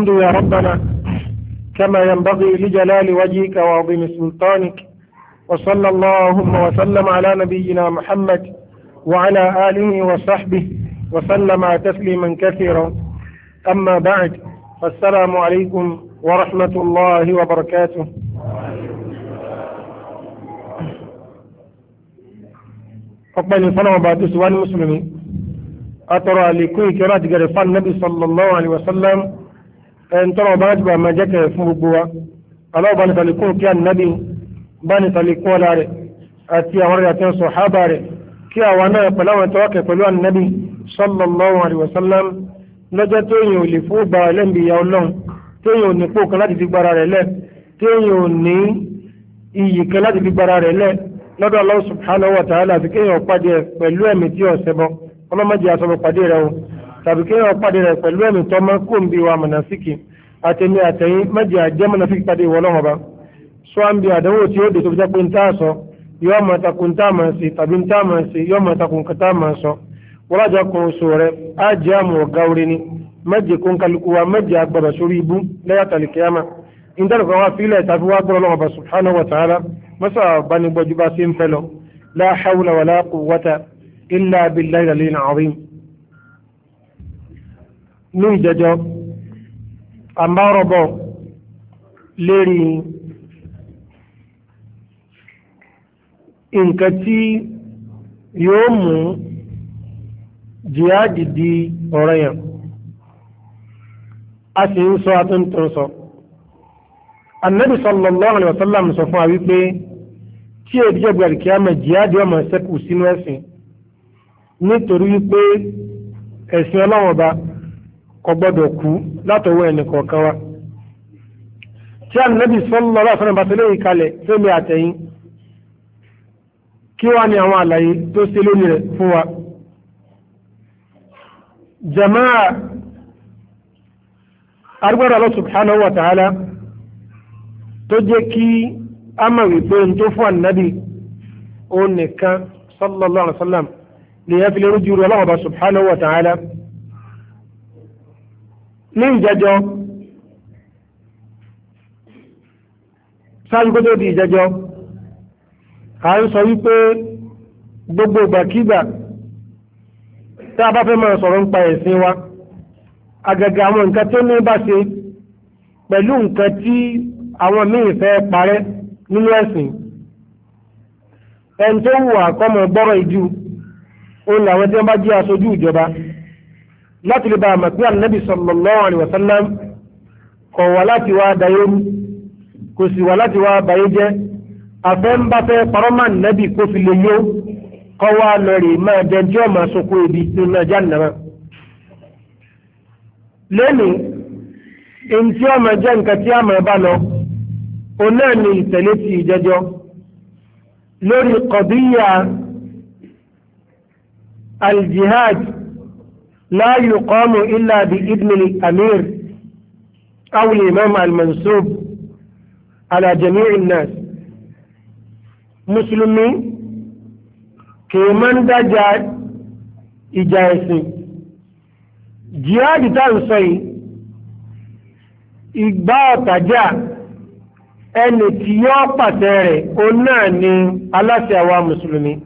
الحمد يا ربنا كما ينبغي لجلال وجهك وعظيم سلطانك وصلى اللهم وسلم على نبينا محمد وعلى آله وصحبه وسلم تسليما كثيرا أما بعد فالسلام عليكم ورحمة الله وبركاته ọpẹ́ صلى بعد ọba المسلمين أترى wá كرات mùsùlùmí النبي صلى الله عليه وسلم ẹni tọrọ bá ti bá máa jẹ́ kẹrẹ fún gbogbo wa aláwọ̀ bá ní tàlíkún kí ànábì bá ní tàlíkún ọ̀la rẹ̀ àti àwọn rẹ̀ àti ọ̀sọ̀ hábà rẹ̀ kí àwa náà pẹ̀lú àwọn tọwọ́ pẹ̀lú ànábì sallallahu alaihi wasallam lọ́jọ́ tó yìn ò lè fún gbà rẹ̀ lẹ́mbi ìyá ọlọ́run tó yìn ò ní pò kan láti fi gbára rẹ̀ lẹ̀ tó yìn ò ní subhanahu wa ta'ala àti kéèyàn pàdé pẹ̀lú ẹ̀mí tí ọ̀sẹ̀ bọ́ tàbí kí wọn pàdé rẹ̀ pẹ̀lú ẹ̀mí tó máa kó nbí wa mọ̀nàfíkì àtẹ̀mí àtẹ̀yìn mẹ́jì àjẹ́ mọ̀nàfíkì pàdé ìwọ lọ́wọ́ bá sọ à ń bi àdánwò tí ó dé tó fi jẹ́ pé ń tá a sọ yóò máa takùn tá a máa ṣe tàbí ń tá a máa ṣe yóò máa takùn kàtá a máa sọ wọ́n àjọ kan oṣù rẹ̀ á jẹ́ àmọ̀ ọ̀gá orí ni mẹ́jì kó ń kálukú wa mẹ́jì agbọ̀dọ̀ sórí ibú lẹ́yàtàlì kíámà ìdáàbò ní ìjẹjọ́ àmbárọ̀bọ̀ lérí nǹkan tí yóò mú jihadi di ọ̀rọ̀ yẹn a sì ń sọ atúntún sọ annabi sallallahu alaihi wasallam sọ fún wa wípé tí èdíjọ́ gbàdì kí a mọ̀ jihadi ọmọ ṣẹ́kù sínú ẹ̀sìn nítorí wípé ẹ̀sìn ọlọ́wọ́n kò gbọ́dọ̀ kú látọwọ́ ẹnì kọ̀ọ̀kan wa tí ànábì sọ́lọ́ lọ́wọ́ fẹ́ràn bàtẹ́lẹ̀ yìí kalẹ̀ fẹ́mi àtẹ̀yìn kí wá ní àwọn àlàyé tó ṣe lórí rẹ̀ fún wa jama'a arúgbára Allah subhanahu wa ta'ala tó jẹ́ kí a mọ̀ wípé n tó fún ànábì ó nìkan sallallahu alaihi wasallam lèyàn fi lè rújú rẹ̀ Allah subhanahu wa ta'ala ní ìjẹjọ́ sáájú kó tó di ìjẹjọ́ à ń sọ wípé gbogbo ìgbàkígbà tí a bá fẹ́ máa sọ̀rọ̀ nípa ẹ̀sìn wa àgàgà àwọn nǹkan tó ní bá ṣe pẹ̀lú nǹkan tí àwọn míì fẹ́ parẹ́ nínú ẹ̀sìn ẹni tó wù àkọ́mọ̀ gbọ́rọ̀ ìjú òun làwọn tí wọ́n bá jẹ́ aṣojú ìjọba láti lè ba àmà pé ànábì sallallahu alaihi wasallam kọ̀ wá láti wá dayé mú kò sì wá láti wá bayé jẹ́ afẹ́ ń bá fẹ́ parọ́mà ànábì kó fi lè yó kọ́ wá lọ rè máa jẹ tí ọmọ sọkó ebi nínú ajá nàmá. lónìí èyí ọmọ jẹ́ nǹkan tí àmọ̀ bá lọ òun ni ìtẹ̀lé ti ìjẹjọ́ lórí kọ̀díyà aljihad لا يقام إلا بإذن الأمير أو الإمام المنصوب على جميع الناس مسلمين كمن دا جاد إجايسي جهاد تانسي إقباء تجاه ẹni tí yọ́ pàṣẹ rẹ̀ o náà ni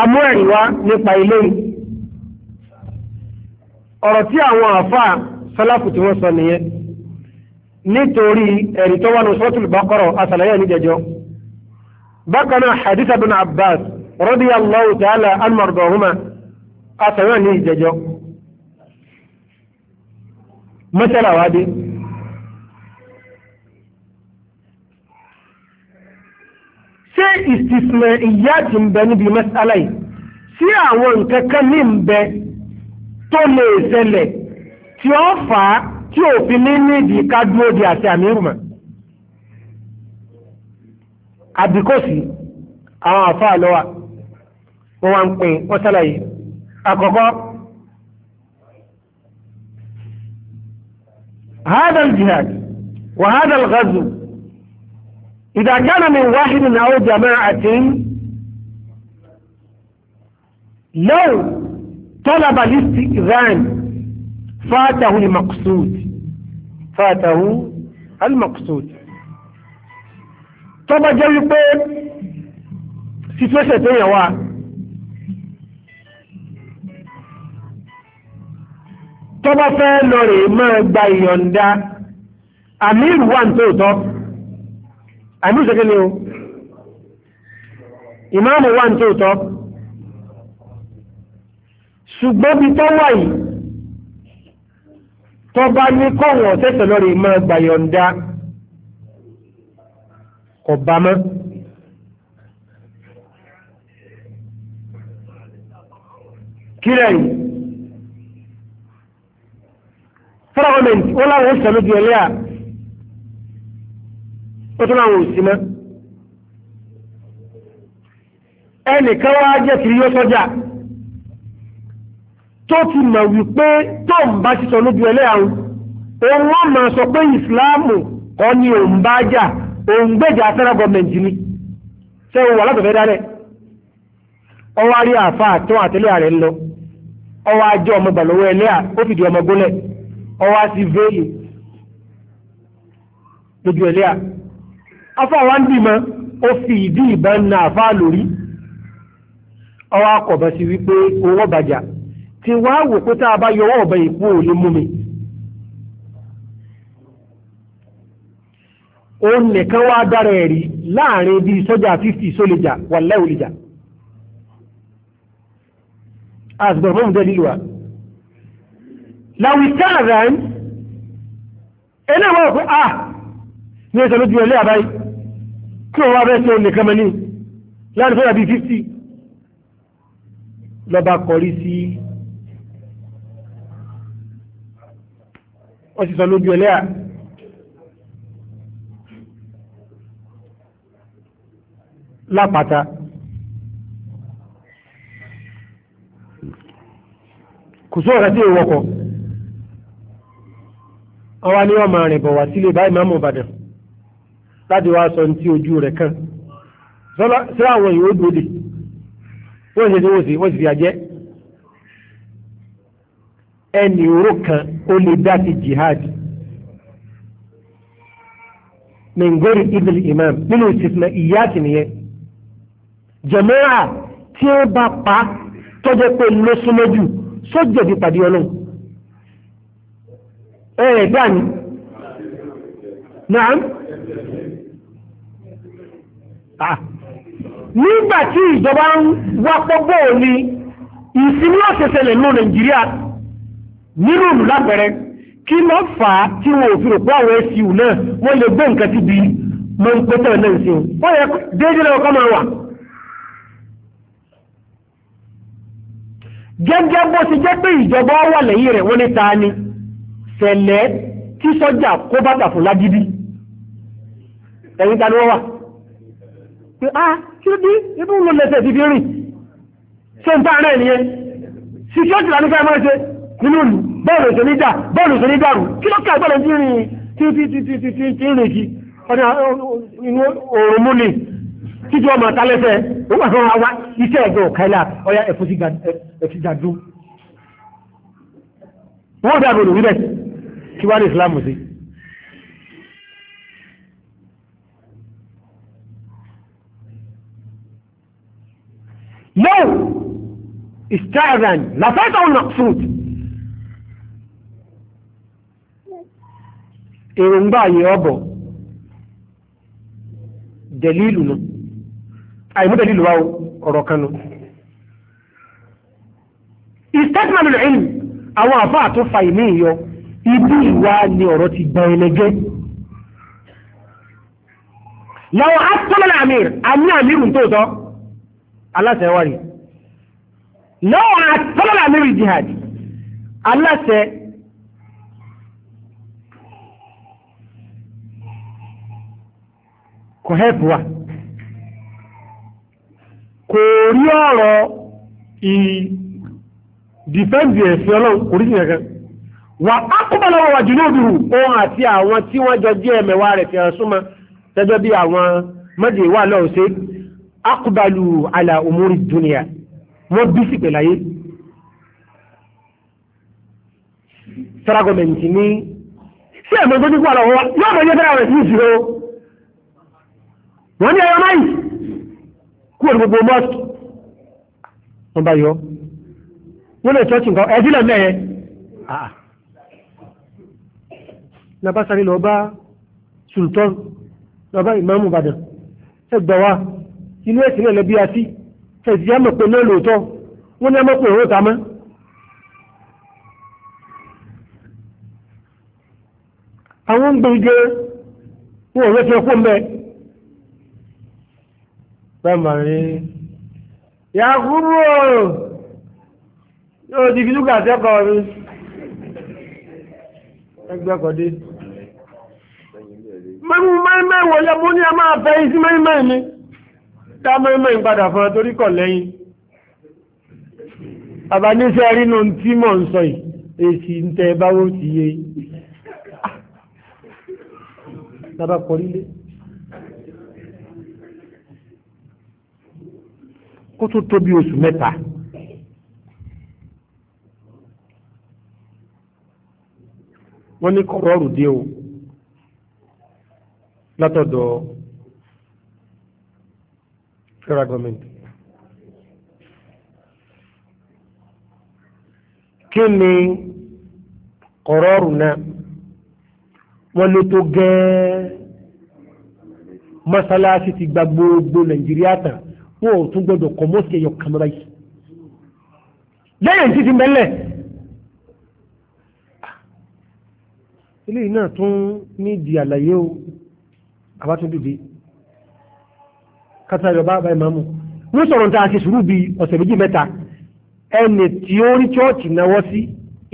amú ẹ̀rí wá nípa ilé ọ̀rọ̀ tí àwọn àfáà sọ́láfù tí wọ́n sọ nìyẹn nítorí ẹ̀rí tó wà ní sọ́tùlù bákọ́rọ̀ asàlàyé ní jẹjọ́ bákan náà hadith ibn abbas radiyallahu ta'ala anmardahuma asàlàyé ní jẹjọ́ mẹ́sàlá wádìí ìsìsìmẹ̀ ìyáàtì ń bẹ níbi mẹ́sàlá yìí sí àwọn nǹkan kan ní ń bẹ tó lè ṣẹlẹ̀ tí ó fà á tí òfin ní nídìí ká dúró di àti àmì ìrùmọ̀ àbíkòsí àwọn àfáà lọ́wà wọ́n wá ń pín wọ́n ṣàlàyé àkọ́kọ́ هذا الجهاد وهذا الغزو إذا كان من واحد أو جماعة لو طلب الاستئذان فاته المقصود فاته المقصود طب جاي situation tó yẹ wá tọ́bá fẹ́ lọ rèé máa gba ìyọ̀ǹda àmì ìrùwà nítòótọ́ àmì ìṣẹ́kẹ́ ni o ìmáàmù wà ní tòótọ́ ṣùgbọ́n bí tó wà yìí tó bá ní kọ́wọ̀n tẹ́tẹ̀ lọ́rẹ̀ máa gbàyọ̀ǹda kò bá mọ́. kílẹ̀ yìí fọ́nà ó láwọn ó sọ lójú ẹlẹ́yà ó tún láwọn òsì mọ́ ẹnìkan wá jẹ́ kiri yóò sọ́jà tó ti mọ̀ wípé tó ń bá sísọ lójú ẹlẹ́yà òun wọ́n sọ pé ìsìláàmù kọ́ ni òun bá jà òun gọ́ọ̀mẹ̀ntì ni òun wà látọ̀fẹ́ dálẹ̀ ọwọ́ àrí àfa àtọ́ rẹ̀ lọ afáwa ń bímọ ó fi ìdí ìbọn na afọ lórí ọwọ́ akọ̀bọ̀ sí wípé owó bàjá tí wá wò pé tá a bá yọ ọwọ́ ọ̀bẹ ìpó ò lè mú mi òun nìkan wá dára ẹ̀rí láàrin bí sọ́jà 50 sólèjà wà lẹ́wòlèjà asgbọ̀n mọ́mù jẹ́ lílùwà láwùjá rẹ̀ ẹ̀nà wọ́n pé a ah, ní àbáyé kí wọ́n wá fẹ́ tó nìkan mẹ́ni láti fẹ́ dàbí fífì lọ́ba kọrí sí wọ́n sì sọ lójú ẹlẹ́à lápàtà kò sóòrò sí ìwọkọ̀ ọwá ni wọ́n máa rìn bọ̀ wá sílé báyìí máa mú Ìbàdàn láti wá sọ ní ojú rẹ̀ kàn sí àwọn èèyàn ó dòde wọ́n ṣe tí wọ́n sì wọ́n sì fi àjẹ́ ẹnì oró kan ó lè dá sí jihad mengori ibn imam nínú ìsìnkú ìyá kìnìyẹn jẹ̀mẹ́rà tí ó bá pa tọ́jọ́ pé ló súnmọ́ jù sójú ẹ̀bí pàdé ọlọ́run ẹ̀rẹ̀ dání naam. Ah. nígbà tí ìjọba ń wapọ̀ bóò ni ìsinmi ọ̀sẹ̀sẹ̀ lè nù nàìjíríà nínú òlù lápẹ̀rẹ̀ kí ló fà á tí wọn ò fi rò pé àwọn ẹ̀sìn ìwù náà wọ́n lè gbé nǹkan síbi mọ́ ń pété náà sí wọn. ó yẹ déédéé lọ́wọ́ kọ́ máa wà. gẹ́gẹ́ bó ti jẹ́ pé ìjọba wà lẹ́yìn rẹ̀ wọ́n ní ni ṣẹlẹ̀ tí sọ́jà kó bàtà fún lágídí ẹ̀yìn ta ni wọ́n wà pé á kí ó dí inú ló lẹ́sẹ̀ ti fi rìn ṣe ń tààrẹ nìyẹn ṣiṣẹ́ ti lánúkẹ́ mọ́ ṣe nínú ìlú bọ́ọ̀lù òṣè ní jà bọ́ọ̀lù òṣè ní dàrú kí ló kà gbọ́dọ̀ tí rìn tí tí tí tí tí tí rìn kí ọdún inú òòrùn mú ni títí ọmọ àtàlẹ́sẹ̀ ó wà fún wa iṣẹ́ ẹ̀gbẹ́ ọ̀káìlà ọya ẹ̀fúsígbàdú wọ́n dàbò lórí bẹ́ẹ̀ kí wá ní ìsìlámù sí لو استأذن لفاته المقصود èròǹgbà yẹ ọbọ̀ dẹ̀lílù nù àìmú dẹ̀lílù wa ọ̀rọ̀ kan nù ìstẹ́tìmọ̀lù rẹ̀ ìlú àwọn àfáà tó fa ìmí ìyọ ibi ìwà ni ọ̀rọ̀ ti gbọ́ ẹlẹgẹ́ lọ́wọ́ á tọ́lọ́lá àmì àmì ala wà lọ́wọ́ àtọ́lọ́lá mẹ́rin jihad aláṣẹ kò hẹ́pù wa kò rí ọ̀rọ̀ ìdìfẹ́ǹdì ẹ̀sìn ọlọ́run kò rí kan wà á wà jù lóòdù ohun àti àwọn tí wọ́n jọ jẹ́ ẹ̀mẹ̀wá rẹ̀ fi hàn súnmọ́ tẹ́jọ́ bí àwọn mọ́dé wà akubalu ala umuri dunia wọ́n bí sí pẹ̀láyé federal government ní sí ẹ̀mọ́ tó dínkù àlọ́ wọn yóò mọ̀ ní federal government ní ìṣirò wọ́n ní ẹ̀yọ́ máyì kú òní gbogbo mosque wọ́n bá yọ wọ́n lè tọ́sí nǹkan ẹ̀sìn lẹ́mẹ̀ yẹn ah. labasari lọ bá sultan lọ bá ìmáàmù Ìbàdàn ẹgbẹ́ wa inú ẹ̀sìn náà lẹ́bí así ẹ̀sìn yá mọ̀ pé náà lóòótọ́ wọ́n ní ẹ mọ̀ pé òun ò ta mọ́. àwọn gbòǹgẹ wọn ò lọ́sọ̀ fún bẹ́ẹ̀. bẹ́ẹ̀ ni yàgùrù yóò di fìdúkà sẹ́kọ̀ọ́ mi ẹgbẹ́ kọ̀dé mẹ́rin mẹ́rin wọlé mo ní a máa fẹ́ isi mẹ́rin mẹ́rin mi dá mọ́ẹ́mọ́ ìpadà fún ọ torí kọ̀ lẹ́yìn àbáníṣẹ́ rínú tí mò ń sọ yìí èsì ń tẹ báwo ti yé lábá kọrílé kó tó tóbi oṣù mẹ́ta wọ́n ní kọ̀rọ̀ dé o látọ̀dọ̀ federal government. kí ni kọ̀rọ̀rù náà wọ́n ló tó gẹ́ẹ́ mọ́sálásí ti gba gbogbo nàìjíríà tán wọn ò tún gbọdọ̀ kọ́ mọ́sí ẹ̀yọ kan báyìí. lẹ́yìn títí mẹ́lẹ̀ eléyìí náà tún ní di àlàyé o àbátúndìdì kátàlọ́ bá bá ìmáàmù ló sọ̀rọ̀ tá a ṣe sùúrù bíi ọ̀sẹ̀ méjì mẹ́ta ẹni tí ó rí chọ́ọ̀chì náwó sí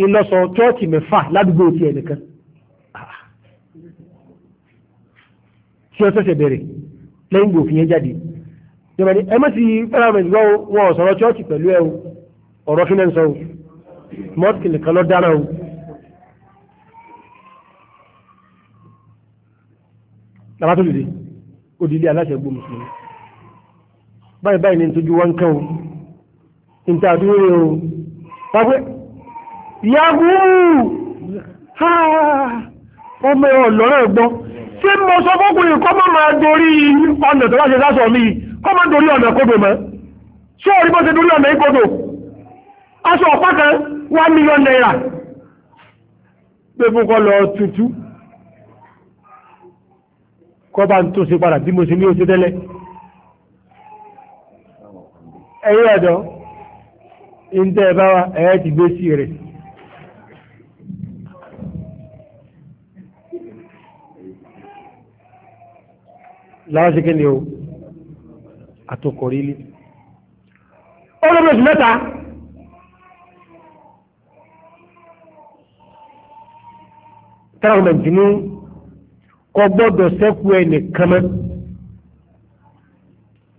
ìlọsọ chọ́ọ̀chì mẹ́fà ládùúgbò ti ẹ̀ nìkan tí ó ṣẹ̀ṣẹ̀ bẹ̀rẹ̀ lẹ́yìn gbòòfì yẹn jáde ìjọba ni ẹ má sì parliament gbọ́ wọn ò sọ̀rọ̀ chọ́ọ̀chì pẹ̀lú ẹ ọ̀rọ̀ kí náà sọ o mọ́ọ̀kì nìkan lọ dára o. làbátò lè dé odidi aláṣẹ gbó mùsùlùmí báyìí báyìí ní tójú wọn kan níta àdúró o wọ́n yahoo ha ọmọ ọlọ́rọ̀ ẹ̀gbọ́n tí mo sọ fọ́kùnrin kọ́ mọ́ máa dorí ọ̀nà tó bá ṣe sásọ mi kọ́ mọ́ dorí ọ̀nà kódò mọ́ ṣé orí bó ṣe dorí ọ̀nà ìkódò aṣọ ọ̀pá kan one million naira pé fún kọ́ lọ tutù kọ́ bá ń tó ṣe padà bí mo ṣe ní oṣù tẹ́lẹ̀ ẹ̀yìn ọ̀dọ́ ìǹtẹ́ ẹ̀ wa ẹ̀yà ti gbé sí rẹ̀. o àtòkòrí ilé mẹ́ta tẹ́lẹ̀mẹ̀tì ní kò gbọ́dọ̀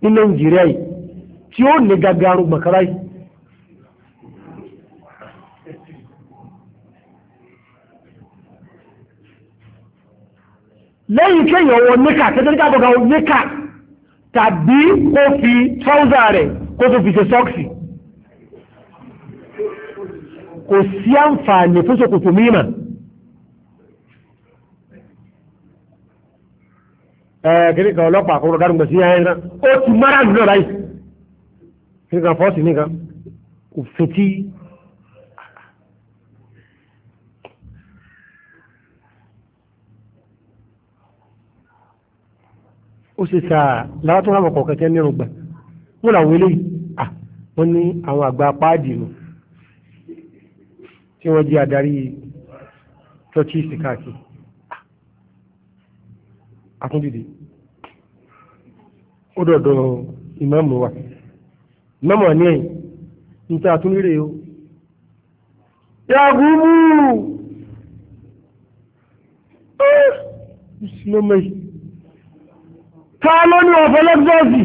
ní nàìjíríà tí ó ní gagaru gbàkárá yìí lẹ́yìn kéèyàn wọ níkà tẹ́tẹ́ríkà gbọ́gbà níkà tàbí kó fi tráúzà rẹ̀ kó tó fi ṣe sọ́ọ̀sì kò sí àǹfààní fún ṣòkòtò mímọ̀ ẹ̀ẹ́dẹ́gbẹ̀rún ọlọ́pàá kọ́rọ̀ dárúgbẹ̀ sí ẹ̀ẹ́dẹ́gbẹ̀rún ó ti mara nù kíníkan fọ́ọ̀tì nìkan òfin tí ó sì sáà lára tó rámọ̀ kọ̀ọ̀kan tẹ́ nírùngbà wọ́n làwọn eléyìí wọ́n ní àwọn àgbà páàdì nù tí wọ́n jẹ́ adarí chọ́chíìsì káàkiri akúndìdì ó dọ̀dọ̀ ìmáàmù wa mẹ́mọ̀ ní ẹ̀yìn níta tún rírè o yàgùnmù ìsìnlọ́mọ̀ yìí ta ló ní ọ̀fẹ́ lẹ́gbẹ́sì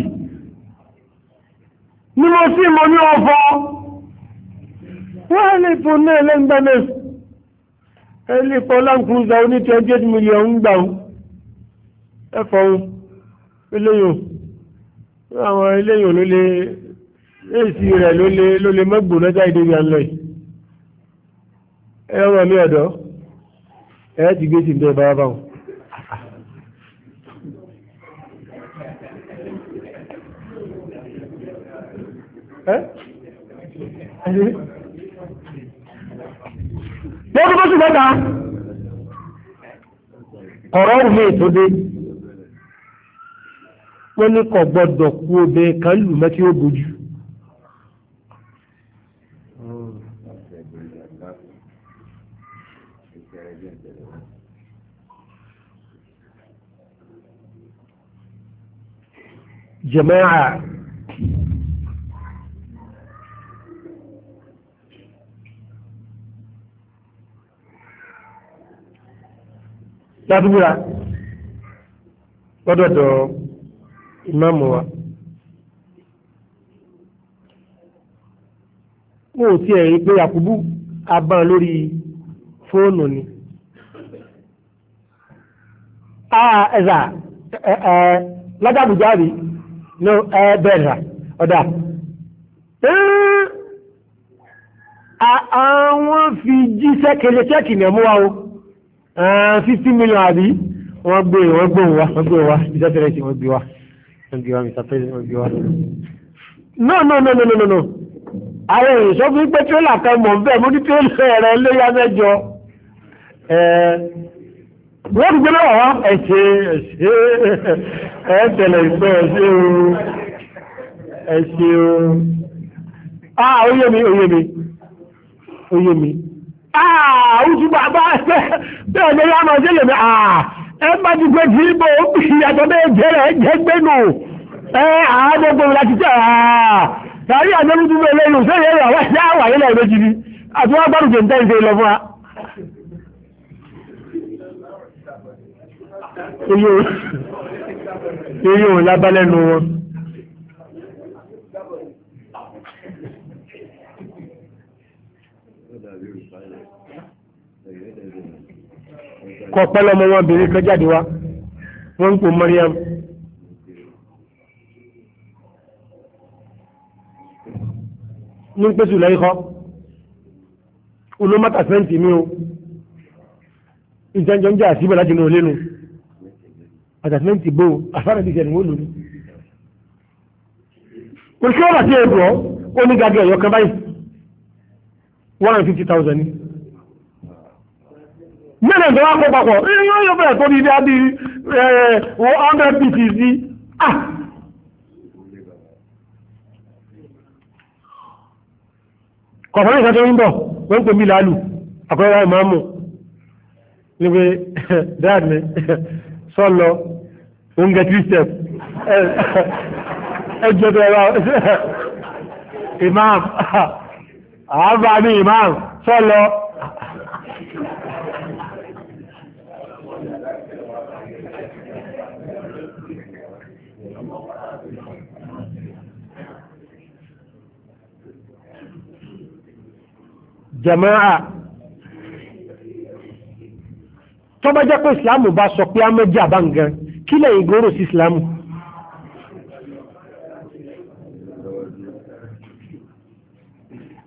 ni mo sì mọ̀ ní ọ̀fọ́ wọ́n lè tó ní ẹlẹ́gbẹ́mẹ́ ẹlẹ́ pọ́lánkúnza oní 28 million ń gbà ẹ̀fọ́ eléyìn àwọn eléyìn ló lè èsì rẹ̀ ló lè ló lè mọ́gbóná jáde bí yìí ẹ ọmọ mi ẹ ti gbé sí ní ẹ bára báwọn. lọ́dún tó sì mẹ́ta ọ̀rọ̀ tó dé wọ́n ní gbọ́dọ̀ kú jama'a tàbíra lọ́dọ̀dọ̀ ìmáàmù هو mo ò tiẹ̀ rí pé àkúbù abán lórí fóònù ni a ẹ̀zà ládàbùjáde no ẹ bẹ́ẹ̀ rà ọ̀dà àwọn fi jíṣẹ́ kele ṣẹ́kì ní ọmọ o fifty million àbí wọ́n gbé wọ́n gbé wa wọ́n gbé wa jíṣẹ́ tẹ̀lé tí wọ́n gbé wa wọ́n gbé wa mr president wọ́n gbé wa. no no no no no no àwọn èèyàn sọ fún pé tírélà kan mọ̀ bẹ́ẹ̀ mo ní tírélà rẹ̀ léyà mẹ́jọ wọ́n ti gbẹ́lẹ̀ wọ́n ẹ̀ṣẹ́ ẹ̀ṣẹ́ ẹ̀ẹ́tẹ̀lẹ̀ ìgbẹ́ ẹ̀ṣẹ́ o ẹ̀ṣẹ́ o ah oyé mi oyé mi oyé mi ah oṣù bàbá bẹ́ẹ̀ ni wọ́n máa ṣe lè mi ah ẹ bá ti gbé tí bò ó bì yàtọ̀ bẹ́ẹ̀ jẹ́rẹ̀ jẹ́gbẹ́ nù ẹ àádọ́gbọ̀n láti tẹ̀ ah tàbí àdébùtú bẹ́ẹ̀ lẹ́yìn òṣèré ẹ̀rọ àwọn ẹ̀ṣẹ́ àwàyé lẹ́ẹ̀mejì ni àti wọ́n gbárùkù ń tẹ́ ìṣe lọ fún wa. eyín òun lábálẹ́nu wọn. kọ̀pẹ́ lọ́mọ wọn bèrè kan jáde wá wọ́n ń pò Mariam. ní pẹ́sù lẹ́yìn kọ́ olómọ́tà sẹ́ǹtì mi o ìjẹ́njọ́ ń jà síbẹ̀ láti mú olénu àtàtìmẹ́ntì bò àfáàrẹ̀ bíi sẹ́ni wọ́n lò ní. kò sí ọ̀rọ̀ sí èbùrọ̀ ó ní gàgé ẹ̀yọ́ kan báyìí one hundred fifty thousand ni. mẹ́rin ìjọba kó papọ̀ yóò yọ bẹ̀rẹ̀ tó ní ilé adé one hundred pieces ní. Ah! kọ̀ọ̀kan ìgbà tó ń bọ̀ wọ́n ń pè mí lálù àkọ́yọ́ ìmáàmù níbi dáàdì sọ́lọ ń gẹ three steps ẹ jẹ́ bẹ̀rẹ̀ imam àábà ní imam sọ́lọ. jama'a tó bá jẹ́ pé islam bá sọ pé a mẹ́jì àbá nǹkan kílẹ̀ ìgbóró sí islamu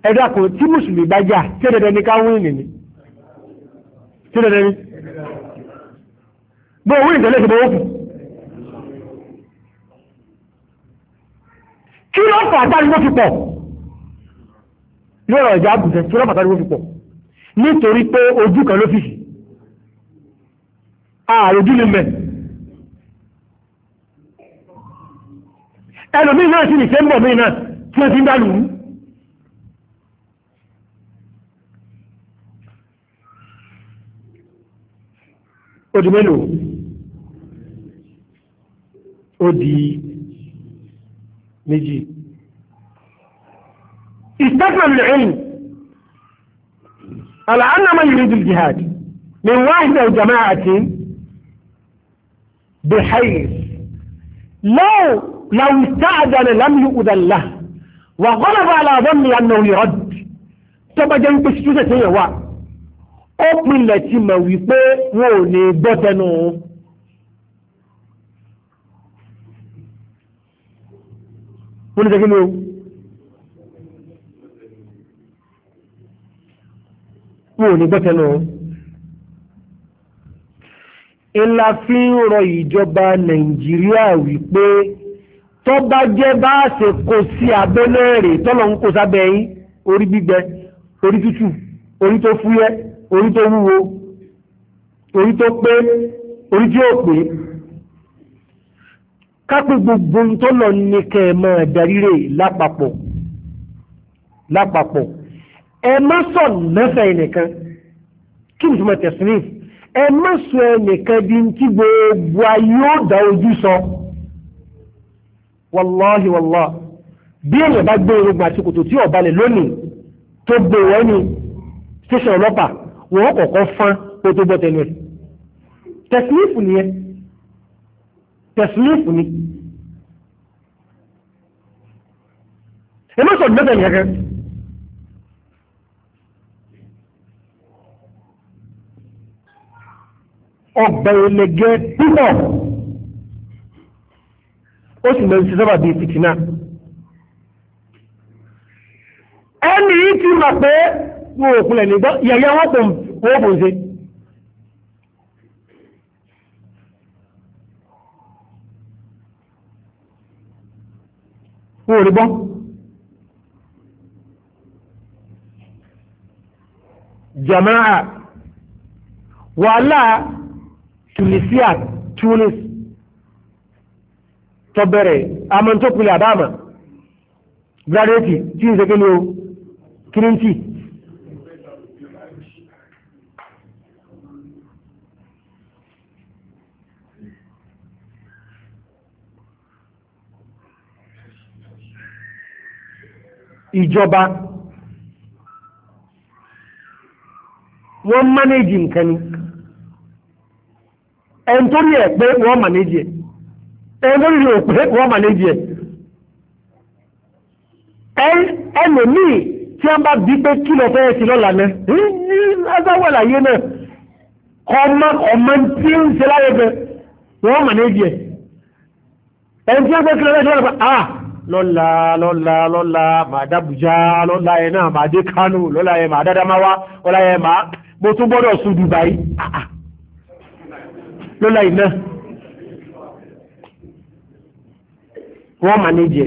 ẹ̀dọ́ àkùn tí mùsùlùmí bá jà tí ẹ̀dẹ̀dẹ̀ ní káwọn ìnìní tí ẹ̀dẹ̀dẹ̀ ní bó owó ìtẹ̀lẹ̀ sí bọ́wọ́ kí ló fà dáríwó fi pọ̀ lọ́rọ̀ ìjà àbùsẹ̀ kí ló fà dáríwó fi pọ̀ nítorí pé ojú kan ló fi ààrùn ojú ni mẹ́rin ẹlòmí náà sì nìṣẹ́ ń bọ̀ mí náà tí wọ́n ti ń dá lù ú. ó di mélòó ó di méjì استثنى من العلم على أن من يريد الجهاد من واحد أو جماعة بحيث لو لو استأذن لم يؤذن له وغلب على ظني أنه يرد tọ́ba jẹ́ wípé ṣíṣúṣẹ̀ tí yẹn wà ó pinlẹ̀ ti mọ̀ wípé wọn ò ní gbọ́ tẹnu òun. wọ́n ní sẹ́kí ni o. wọn ò ní gbọ́ tẹnu òun. ìlà fi ń rọ ìjọba nàìjíríà wípé tó bá jẹ́ bá ṣe kò sí abẹ́lẹ̀ rẹ̀ tọ́lọ̀ ń kó sábẹ́ yín orí gbígbẹ orí tútù orí tó fúyẹ́ orí tó wúwo orí tó pé orí tí ó pé kápẹ́ gbogbo tó lọ ní kẹ́ ẹ máa daríre lápapọ̀ lápapọ̀ ẹ má sọ mẹ́fẹ̀ nìkan kí mùsùlùmí tẹ̀sí ní ẹ má sọ ẹnìkan di ti gbogbo ayé ó dá ojú sọ. So wàláhi wàlá bí èèyàn bá gbé irun àti kòtò tí ó balẹ̀ lónìí tó gbé wọ́n ní tẹ̀sán ọlọ́pàá wọ́n kọ̀ọ̀kan fán kó tó bọ́ tẹnu ni ẹ tẹ̀sílífù ni ẹ má yẹn kan. ọgbà ẹlẹgẹ́ púpọ̀ ó sì lọ sí sábà bíi fìtínà ẹni yìí ti mà pé wọn ò kulẹ̀ nígbà yẹ̀yẹ́ wọn kò wọ́n kò ṣe. wọn ò rí bọ́. jama'a wàhálà tunisia tunis tó bẹ̀rẹ̀ àmọ́ tó pilẹ̀ àbáàmà gírádẹ́tì tí ń ṣe kí ni o kíríntì ìjọba wọ́n mánéjì nǹkan ni ẹ̀ntórí ẹ̀ pé wọ́n mánéjì ẹ̀ olórí rẹ̀ òpè wọ́n mà léjì ẹ̀ ẹlòmíì tí wọ́n bá bí pé kí lọ fẹ́ sí lọ́la náà azáwọ̀ láyé náà ọmọ ọmọ tí ń ṣe láyé bẹ wọ́n mà léjì ẹ̀ ẹni tí wọ́n fẹ́ kí lọ fẹ́ sí lọ́la ah lọ́la lọ́la lọ́la màdàbùjá lọ́la ẹ̀ náà màdé kánú lọ́la ẹ̀ màdádámáwá lọ́la ẹ̀ màá mo tún gbọ́dọ̀ sùn Dubai ah, ah. lọ́la ẹ̀ náà. wọ́n manage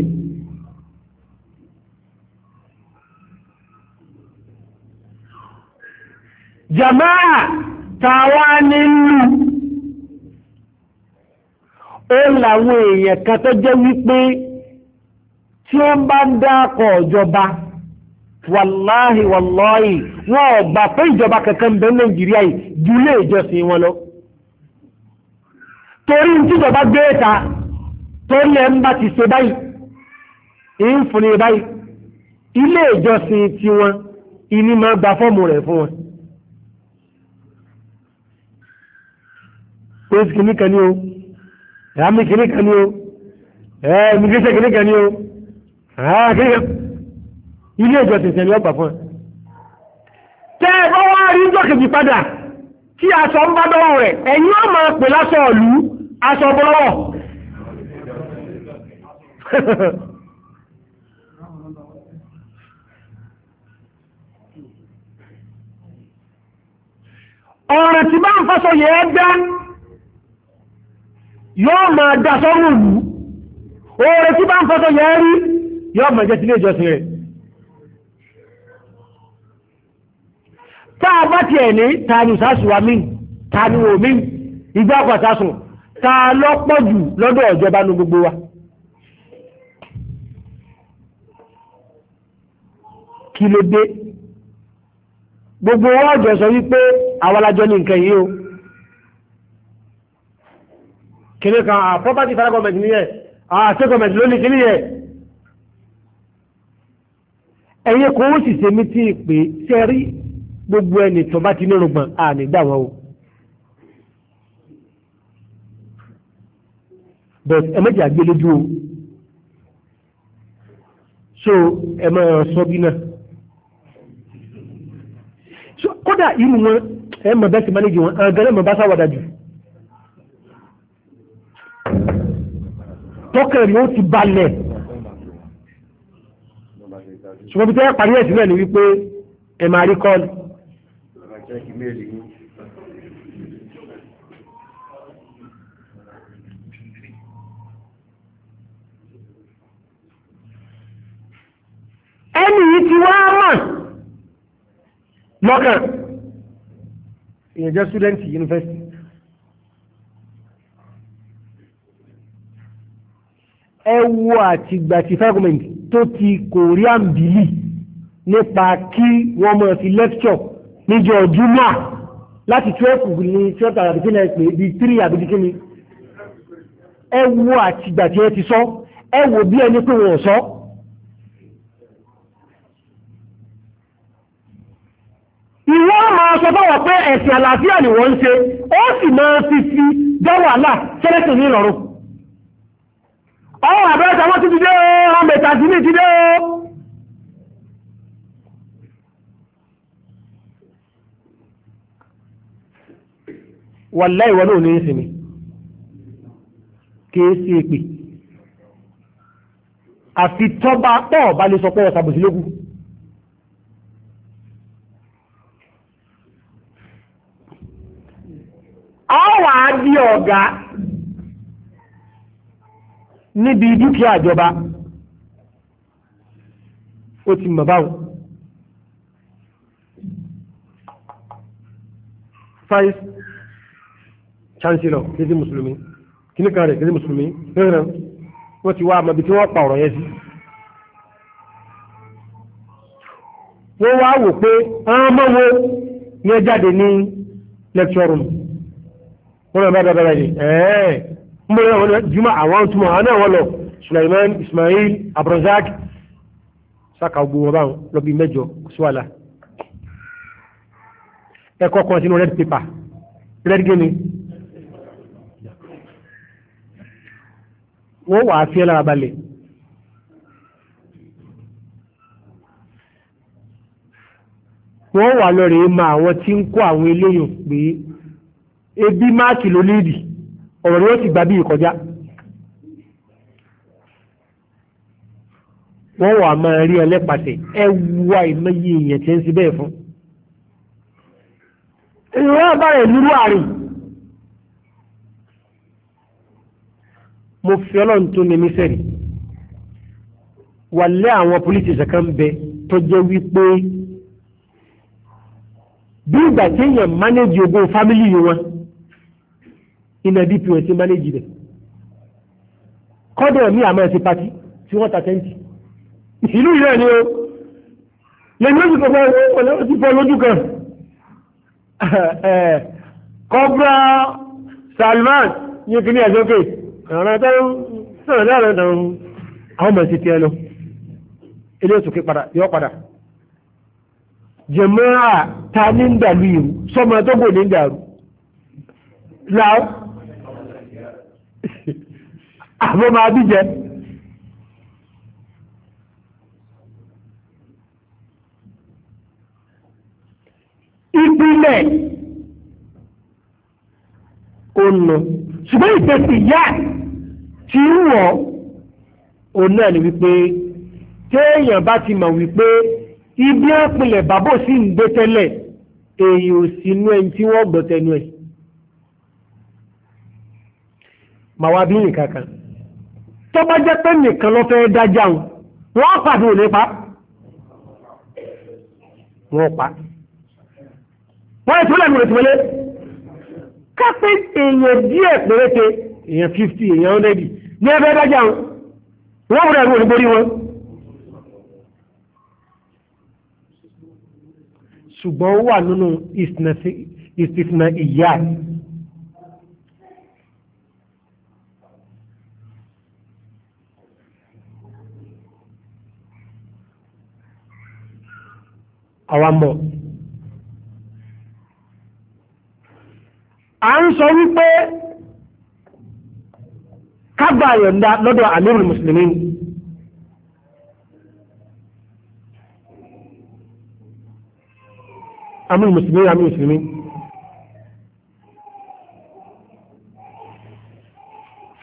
jamaa tàwa nílù ó làwọn èèyàn kan tó jẹ́ wípé tí wọ́n bá ń dákọ̀ ìjọba wàláhì wàláhì wọn ò gbà ìjọba kankan bẹ nàìjíríà yìí ìjọsìn wọn lọ torí gbé torí ẹ̀ ń bá ti ṣe báyìí ń fún ní báyìí ilé ìjọsìn tiwọn ìní máa gba fọ́ọ̀mù rẹ̀ fún wọn. pé kìíní kan ní o ẹ̀hámi kìíní kan ní o ẹ̀ẹ́mi kìíní kìíní kan ní o ẹ̀ẹ́ kìíní kan ilé ìjọsìn tẹ̀lé ọgbà fún ẹ. tẹ́ ẹ bá wá rí jọ́kejì padà tí aṣọ ń bá dọ́wọ́ rẹ̀ ẹ̀yin ó máa pè lásọ̀ ọ̀lú aṣọ ọ̀bọ̀lọ́wọ̀ ọ̀rọ̀ tí bá ń fọ́sọ yẹ ẹgbẹ́ yóò ma dá sọ́rọ̀ òlú ọ̀rọ̀ tí bá ń fọ́sọ yẹ rí yóò ma jẹ́ sílé ìjọsìn rẹ̀ táà bá ti ẹ̀ ní tààlù sásùwà mí tààlù òmí ìgbà pàtàsùn tààlọ́pọ̀ jù lọ́dọ̀ ìjọba ní gbogbo wa. kí ló dé gbogbo wa jọ sọ wípé àwọlájọ ní nǹkan yìí o kìnìún kan à ah, property federal government nìyẹn à ah, state government ló ní kí nìyẹn ẹ̀yẹ kò ó sì ṣe tí ì pé sẹ́rí gbogbo ẹni tó bá ti ní rògbòn àmì gbà wọn o. but ẹ méjì àgbélójú so ẹ máa sọ náà. kódà irú wọn ẹ mọ̀ bẹ́ẹ̀ ti mánéjì wọn àgẹ́rẹ́ mọ̀ bá sáwọ́dà jù tọ́kẹ̀ rí ó ti balẹ̀ ṣùgbọ́n bí tẹ́lẹ̀ parí ẹ̀sìn náà ni wípé ẹ máa rí kọ́ọ̀lù ẹni yìí ti wá mọ̀ lọ́kàn èèyàn jẹ́ student university ẹ wo àtìgbà tí fẹ́gọ́mẹ̀ntì tó ti korean bìlì nípa kí wọ́n mọ̀ sí lecture níjọ́ júmọ́ láti twelve ní twelve tàbí kí ni ẹ bíi three àbí kí ni ẹ wo àtìgbà tí ẹ ti sọ ẹ wo bí ẹni pé wọn sọ. So ìwọ máa sọ fọwọ́ pé ẹ̀sìn àlàáfíà ni wọ́n ń ṣe ó sì máa fi fi dọ́wọ́ àlà sẹ́lẹ̀tì ní ìrọ̀rùn ọwọ́ àbẹ́rẹ́ tàwọn ti ti dé o ọmọ ìta sí ní ti dé o wàlá ìwọ náà ní ìsinmi kìí sí èpè àfi tọ́ba pọ̀ bá lè sọ pé ọ̀sàbòsílógún ọwà di ọ̀gá níbi dúkìá ìjọba ó ti mọ̀ báwọn. chancellor kìí mùsùlùmí kìíní kan rẹ̀ kìí mùsùlùmí rẹ̀rẹ̀ wọ́n ti wá àmọ́bi tí wọ́n pa ọ̀rọ̀ yẹn sí. wọ́n wá wò pé ọmọ wo ni wọ́n lọ bá dábàrà yìí ẹ̀ẹ́ ń bọ̀ wọn jùmọ̀ àwọn túmọ̀ àwọn náà lọ Sulaiman Ismail Abrazak saka ogun wọn báwọn lọ bí mẹ́jọ suwala ẹ̀kọ́ kan sínú red paper red gini wọ́n wà á fi ẹ́ lára balẹ̀. wọ́n wà lọ rèé ma àwọn tí ń kó àwọn eléyìn pé ebi máàkì ló léèdì ọ̀rọ̀ yóò ti gbà bí ìkọjá wọ́n wà máa rí ẹlẹ́pàtẹ̀ ẹ wá ìmọ̀yé èèyàn tí ń sí bẹ́ẹ̀ fún ìwọ́n àbárẹ̀ lúrú àárín mo fi ọlọ́run tó ní mísẹ̀rì wà lé àwọn pólítì kan bẹ tó jẹ́ wípé bí ìgbà tí èèyàn mánéjì ogún fámílì wọn iná dpos ṣe mánéjì rẹ̀ kọ́dọ̀ mi àmọ́ ẹ̀sìn pati tí wọ́n ta tẹ́ǹtì ìlú ìrẹ́ ni o lẹ́nu oṣù ti fọ́ lójú kan kọ́bùrà eh, Salman ní kíní ẹ̀sọ́kè ọ̀rọ̀ ẹ̀tẹ́rù sọ̀rọ̀ láàrin ọ̀dọ̀ àwọn ọmọ ìsìtì ẹnu ilé òsùnkè padà yọ padà ta ní ń dàlú ìrù sọ́mọ tó gbò ń àbọ̀ máa bí jẹ. ìpínlẹ̀ ònà ṣùgbọ́n ìfẹsì yá ti ń wọ̀ òun náà ni wípé téèyàn bá ti mọ̀ wípé ibi ìpínlẹ̀ bàbá sí ń gbé tẹ́lẹ̀ èyí ò sínú ẹni tí wọ́n gbọ́ tẹnu ẹ̀. màá wá bí nìkan kan tó bá jẹ́ pé nìkan ló fẹ́ dájà ń wọ́n pàdé òní pa wọ́n pa wọ́n ètò ìlànà ètò ìwọlé kápẹ́ èèyàn díẹ̀ péréte èèyàn fifty èèyàn hundred ní ẹgbẹ́ dájà ń wọ́n wúrẹ̀ ní olùborí wọn. ṣùgbọ́n wà nínú ìsìnà ìyá àwa mọ̀. à ń sọ wípé kágbà yọ̀ǹda lọ́dọ̀ àmírùl mùsùlùmí. àmírùl mùsùlùmí àmírùl mùsùlùmí.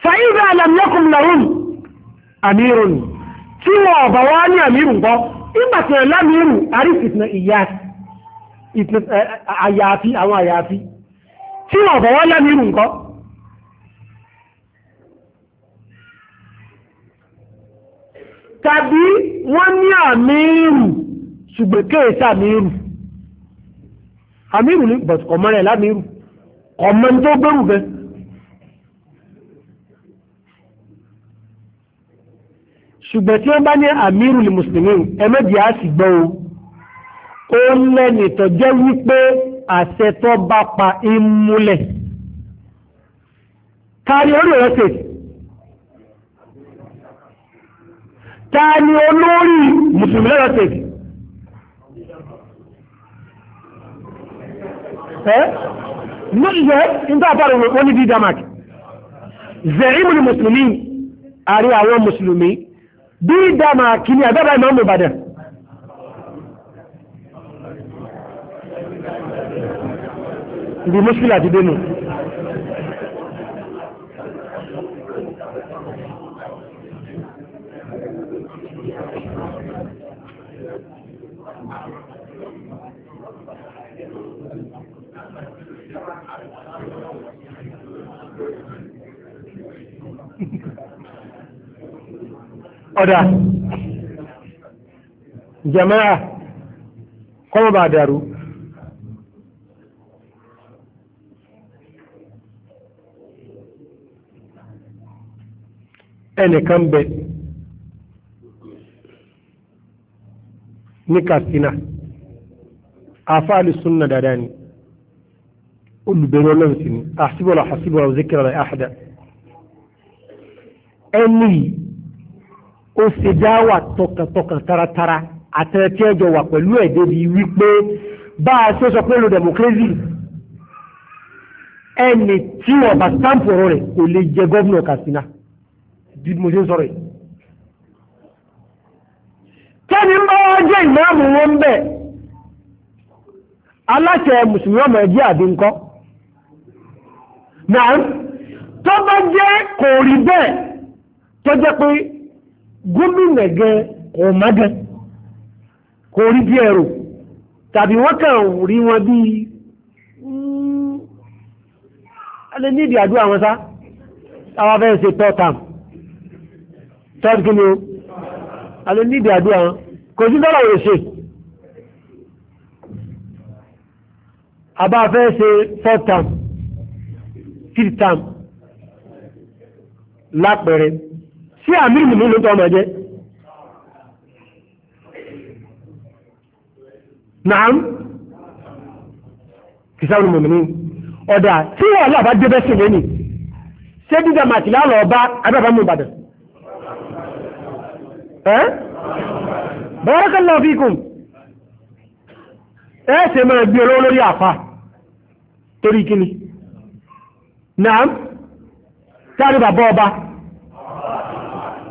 fàyíbà àlàmíyàkùn làwọn àmírùn tí wọn ọ̀bà wá ní àmírùn kọ́ nígbà tí ẹ̀lá mi rù àríṣì ìtìnà ìyá àyàfi àwọn àyàfi tí wọ́n bọ̀ wọ́n lẹ́mí rù nǹkan tàbí wọ́n ní àmírù ṣùgbọ́n kéèsì àmírù àmírù ní bọ̀t kọ̀mọ́rẹ̀ lámírù kọ̀mọ́ tó gbẹ́rù bẹ́ẹ̀ ṣùgbọ́n tí wọ́n bá ní amirul muslimin ẹ̀mẹ́jì á sì gbọ́ o ó lẹ́nu ìtọ́jẹ́ wípé àṣẹ tó bá pa ń múlẹ̀ kárí orí rẹ̀ ṣe ni olórí mùsùlùmí lọ́rọ̀ ṣe ẹ́ ní ìyẹ́ nígbà bá rẹ̀ wọ́n ní dídá màkì zẹ̀rí mùsùlùmí àrí àwọn mùsùlùmí bí ìdámà kìíní àbẹ́bà ìmọ̀mù ìbàdàn ìdí mọ́sílà ti dénú ọ̀dà jama'a kọ́mọ̀ bá dàrú ẹnìkan bẹ ní Katsina àfáàlì súnà dáadáa ni olùbẹ̀rẹ̀ ọlọ́run sí ni àṣìbọ̀lá àṣìbọ̀lá òzíkìrọ̀lá àhàdà ẹni yìí ó ṣe dáwà tọkàntọkàn taratara àtẹ̀tí ẹjọ́ wà pẹ̀lú ẹ̀ débi wípé bá a ṣe sọ pé lo democracy ẹni tí wọ́n bá sáǹpù ọ̀rọ̀ rẹ̀ kò lè jẹ gómìnà Katsina bí mo ṣe ń sọ̀rọ̀ yìí. kẹ́ni ń bá wá jẹ́ ìmáàmù wọn bẹ́ẹ̀ aláṣẹ mùsùlùmí ọmọ ẹgbẹ́ àbí náà tó bá jẹ́ kò rí bẹ́ẹ̀ tó jẹ́ pé gómìnà gan kò má gan kò rí bí ẹrù tàbí wọ́n kàn rí wọn bí hmm, alẹ́ níbi àdúrà wọn sá àwọn afẹ́ ṣe tọ́ tam tọ́jú kí ni o alẹ́ níbi àdúrà wọn kò sí dọ́là òye ṣe àbá afẹ́ ṣe four tam three tam lápẹẹrẹ tí àmì ìlú ló tọ́ ọmọ jẹ́ naam kìsáwọn mọ̀mìnì ọ̀dà tí wọ́n lọ́ba débẹ́ sí lẹ́nì ṣé dídá màtí lálọ́ ọba abẹ́bà mú ìbàdàn ẹ́ barakallahu fikum ẹ́ ṣe máa gbé olówó lórí àfa torí kíni naam táàrí bàbá ọba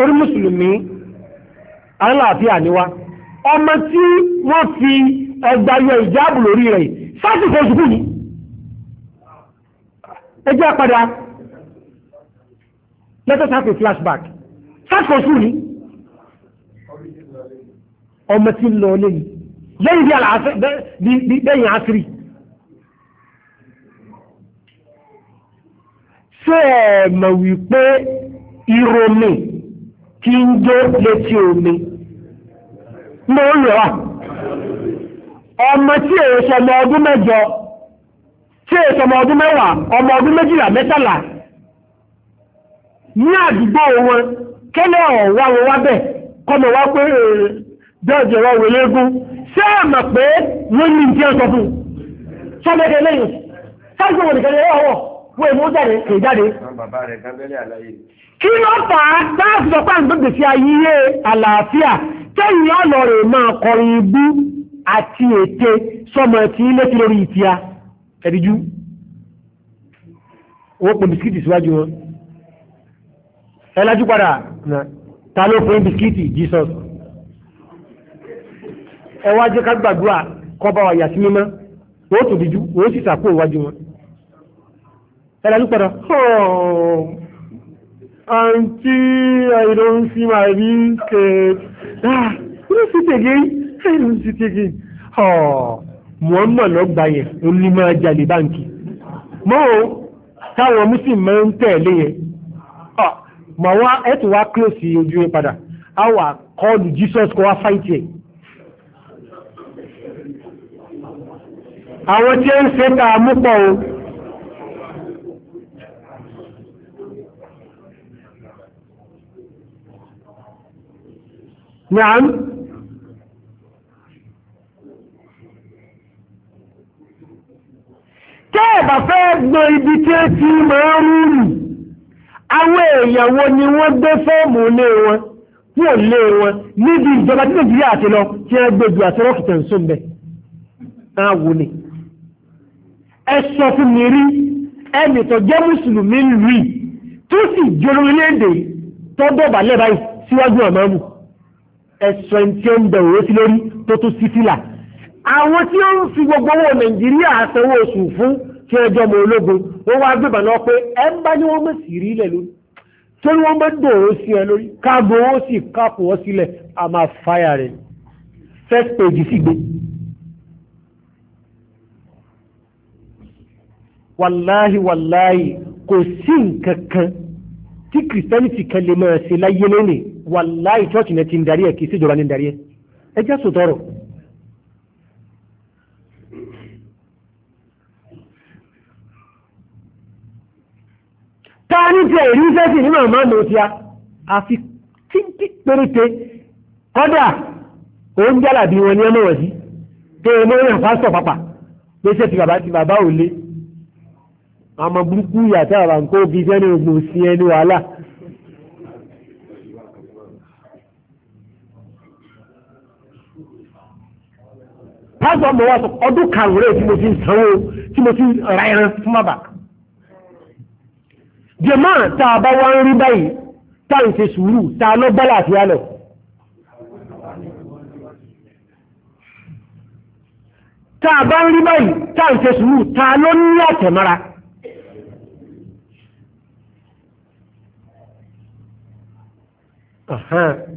torí mùsùlùmí aláàfíà níwá ọmọ tí wọ́n fi ẹgbà yọ ìjáàbù lórí rẹ̀ sáàtì fòsùkú yìí ẹjẹ́ àpadà let us have a flashback sáàtì fòsùkú yìí ọmọ tí lọ lẹ́yìn lẹ́yìn bí lẹ́yìn àṣírí ṣé ẹ̀mọ̀ wípé ìròmìn tí ń jó létí omi ní olè wa ọmọ tí èyí sọmọ ọdún mẹ́jọ tí èyí sọmọ ọdún mẹ́wàá ọmọ ọdún méjìlá mẹ́tàlá ní àdúgbò wọn kẹ́lẹ́ ọ̀wá wọn wá bẹ̀ kọ́mọ wá pé jọ́ọ̀jì ọ̀wá wọlé egún ṣé pé wọ́n ní ìdí fún lẹ́yìn wo èmú jáde kè jáde. kí ló fà á dáàbò sọpá àgbègbè sí ayé àlàáfíà tẹ́yìn ọ̀lọ́ rẹ̀ máa kọrin ibú àti ète sọmọ ti ilé tí lórí ìtìá ẹ̀díjú owó pọ̀ bisikíìtì síwájú wọn ẹ lajú padà ta ló fún bisikíìtì Jesus ẹ wá jẹ́ ká gbàdúrà kọ́ bá wa yà sí mímọ́ ó tòbíjú ó sì sàkó ìwájú wọn ẹ̀rẹ́ lúpẹ̀rọ àǹtí I don't see my real kid ah you don't see it again I don't see it again oh Muhammad lọ gba yẹn ó ní máa jalè báǹkì mọ́ o táwọn muslim máa ń tẹ̀lé yẹn mọ̀ wá ẹ̀tù wá close ojú yẹn padà a kọlù Jesus kó wá fight yẹn àwọn tí ó ń ṣe tá mú pọ̀ o. نعم tẹ́ẹ̀bà fẹ́ gbọ́ ibi tí ó ti máa àwọn èèyàn ni wọ́n gbé fọ́ọ̀mù lé wọn tí ò wọn níbi ìjọba tí nàìjíríà àti lọ tí wọ́n gbé àti rọ́kìtà ń sún ni ẹ sọ fún mi rí ẹ̀sọ̀ ẹ̀ntì ẹ̀ǹdẹ̀ òwe sí lórí tó tún sí fìlà àwọn tí ó ń fi gbogbo owó nàìjíríà sanwó oṣù fún tí ẹjọ́ mọ ológun wọ́n wá gbébà náà pé ẹ ń bá ní wọ́n mọ̀ sí rí ilẹ̀ lórí torí wọ́n bá dùn ó sí ẹ lórí káàbọ̀ ó sì káàpọ̀ ó sílẹ̀ a máa fáyà rẹ̀ first page sì gbé. wàláhì wàláhì kò sí nǹkan kan tí kìrìsìtẹ́nìtì kan lè máa ṣe láyé lónìí wàláì chọ́ọ̀chì náà ti ń darí ẹ̀ kì í síjọba ní darí ẹ̀ ẹ jẹ́ sòtọ́rọ̀. ta ní tiẹ̀ èrí fẹ́sì nínú àmà mi ti a àfi títí péréte kọ́dà oúnjẹ àlàbí wọn ni ẹ mọ̀ wọ̀ sí pé ẹ lórí àfáàsọ̀ pàpà pèsè ti bàbá ti bàbá ò lé àmọ́ burúkú yàtọ̀ àbàǹkó bíi sẹ́ni ogun sí ẹni wàhálà. pásítọ̀ ọmọ wa sọ ọdún karùn-ún rẹ̀ tí mo ti ń sanwó tí mo ti ń ra ẹran fún bàbá. jẹ̀mọ́ tá a bá wá ń rí báyìí tá à ń ṣe sùúrù tá a lọ bọ́lá àti alọ̀. tá a bá ń rí báyìí tá à ń ṣe sùúrù tá a lọ ní àtẹ̀mọ́ra. Uh-huh.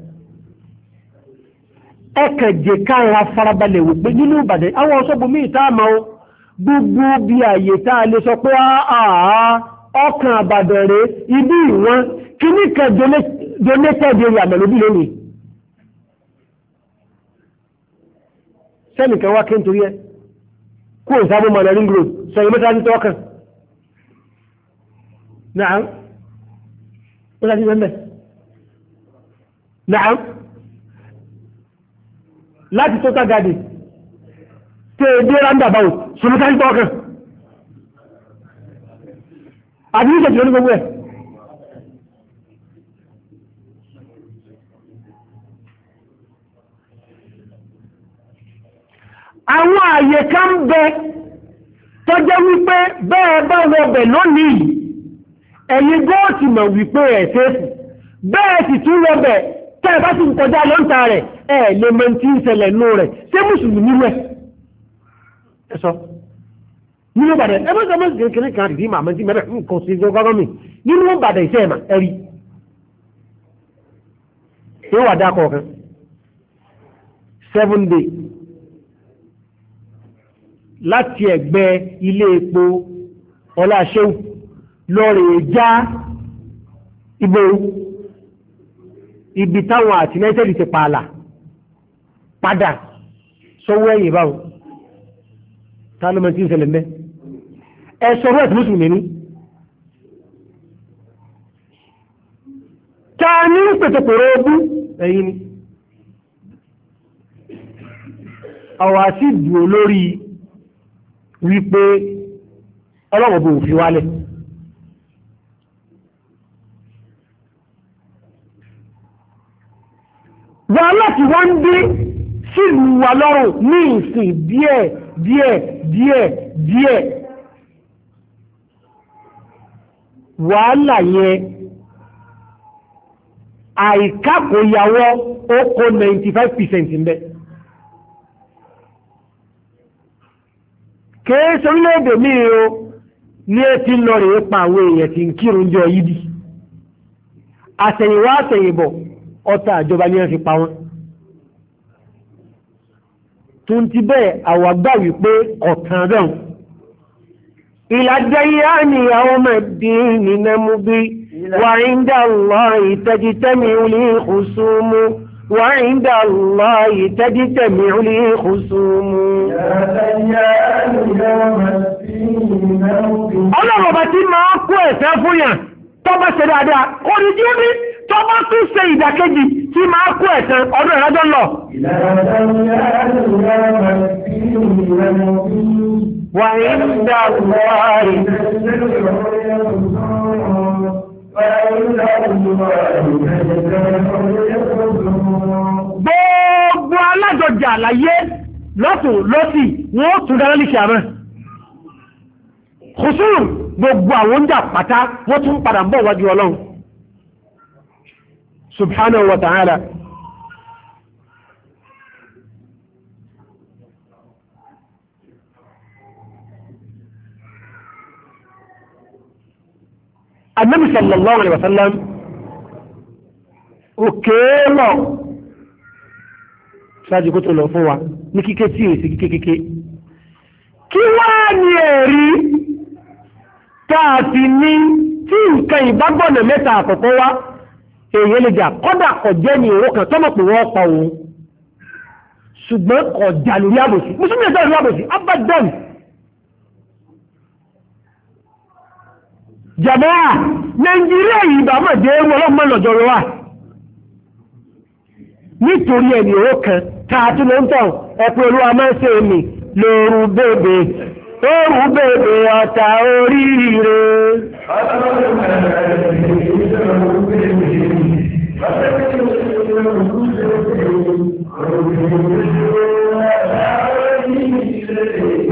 ẹkẹ̀jẹ̀ káàrà farabalẹ̀ wò pé nínú ìbàdàn àwọn ọ̀ṣọ́gbọ̀mí ìtaàmà ó gbogbo bí àyè tá a lè sọ pé àà ọkàn àbàdàn rẹ̀ ibi ìwọ̀n kíní kan donated area mẹ́lódì lónìí sẹ́nìkan wá kí n torí ẹ sọ yìí mẹ́ta ní tọ́kàn náà láti total garden tẹ́ ẹgbẹ́ roundabout sọmọ́sáyí tọ́ọ̀kan àti ní ìṣẹ̀tì lónìí gbogbo ẹ̀ àwọn àyè kan bẹ tó jẹ́ wípé bẹ́ẹ̀ bá wọ bẹ̀ lónìí ẹ̀yin góòtì mọ̀ wípé ẹ̀ tẹ́sì bẹ́ẹ̀ sì tún wọ bẹ̀ tẹ́ ẹ bá sì ń kọjá lọ́ǹta rẹ̀ ẹ lè mọ tí ń ṣẹlẹ̀ nù rẹ̀ ṣé mùsùlùmí rẹ̀ ẹ sọ nínú ìbàdàn ẹ bá sọ mọ́ sí kékeré kan rìdí màmá tí mẹ́rẹ̀ nǹkan sí ìjọba gọ́mì nínú ìbàdàn iṣẹ́ ẹ̀mà ẹ̀rí ṣé wà dá kọ̀ọ̀kan seven day láti ẹ̀gbẹ́ ilé epo ọlá ṣéwù lọ́ọ̀rẹ̀ já ìbò ibi táwọn àti united ti pààlà padà sọ́wọ́ ẹ̀yìn báwọn ta ló máa ti ń ṣẹlẹ̀ mẹ́ ẹ sọ̀rọ̀ ẹ̀sìn mùsùlùmí ni. ta ní pètèpèrè ogún ẹ̀yìn ni. àwọn àti ìdùn olórí wípé ọlọ́wọ́ bò fi wálẹ̀. wàhálà tí wọ́n ń dé sílùú wa lọ́rùn ní ìsìn díẹ̀ díẹ̀ díẹ̀ díẹ̀ wàhálà yẹn àìkàkòyàwó ó kó 95% ń bẹ. kèése orílẹ̀-èdè míì o ní etí lọ rèé pa àwọn èèyàn tí ń kírun jọ yídì àtẹ̀yìnwá àtẹ̀yìnbọ̀ ọta àjọba ní ẹ̀fí pa wọn tó ń ti bẹ́ẹ̀ àwọn àgbà wípé ọ̀tàn rẹ̀ ìlàjẹyà ni àwọn ọmọ ẹ̀dí nínú mú bí وعند الله تجتمع لي خصوم وعند الله تجتمع لي خصوم ọlọ́run ọba tí máa kó ẹ̀sẹ̀ fún yàn tó bá ṣe dáadáa kò ní jí bí tọ́mọ́ tí ṣe ìdàkejì tí máa kú ẹ̀sẹ̀ ọdún ìrọ́jọ́ lọ. Wàyí ń dá wáyé. Gbogbo alájọjà àlàyé lọ́tùn lọ́sì wọ́n tún dára lè ṣe Kùsùn gbogbo àwọn oúnjẹ àpáta wọ́n tún padà ń bọ̀ wájú ọlọ́run subhanahu wa ta'ala annabi sallallahu alaihi wasallam òkèèlọ̀ ṣáàjú kó tó lọ fún wa ní kíké tí èsì kíké kíké kí wá ní ẹ̀rí tààtì ní tí nǹkan ìbágbọ̀nà mẹ́ta àkọ́kọ́ wá èyí lè jà kọ́dà kọ̀jẹ́ ní owó kan tọ́mọ̀ pé wọ́n pa òun ṣùgbọ́n kọjá lórí lórí àbòsí abadan jàmáà nàìjíríà yìí bàmà dé ewu ọlọ́mọ lọ́jọ́ rẹ wà nítorí owó kan ló ń ẹ̀pẹ́ olúwa máa ń ṣe èmi lóru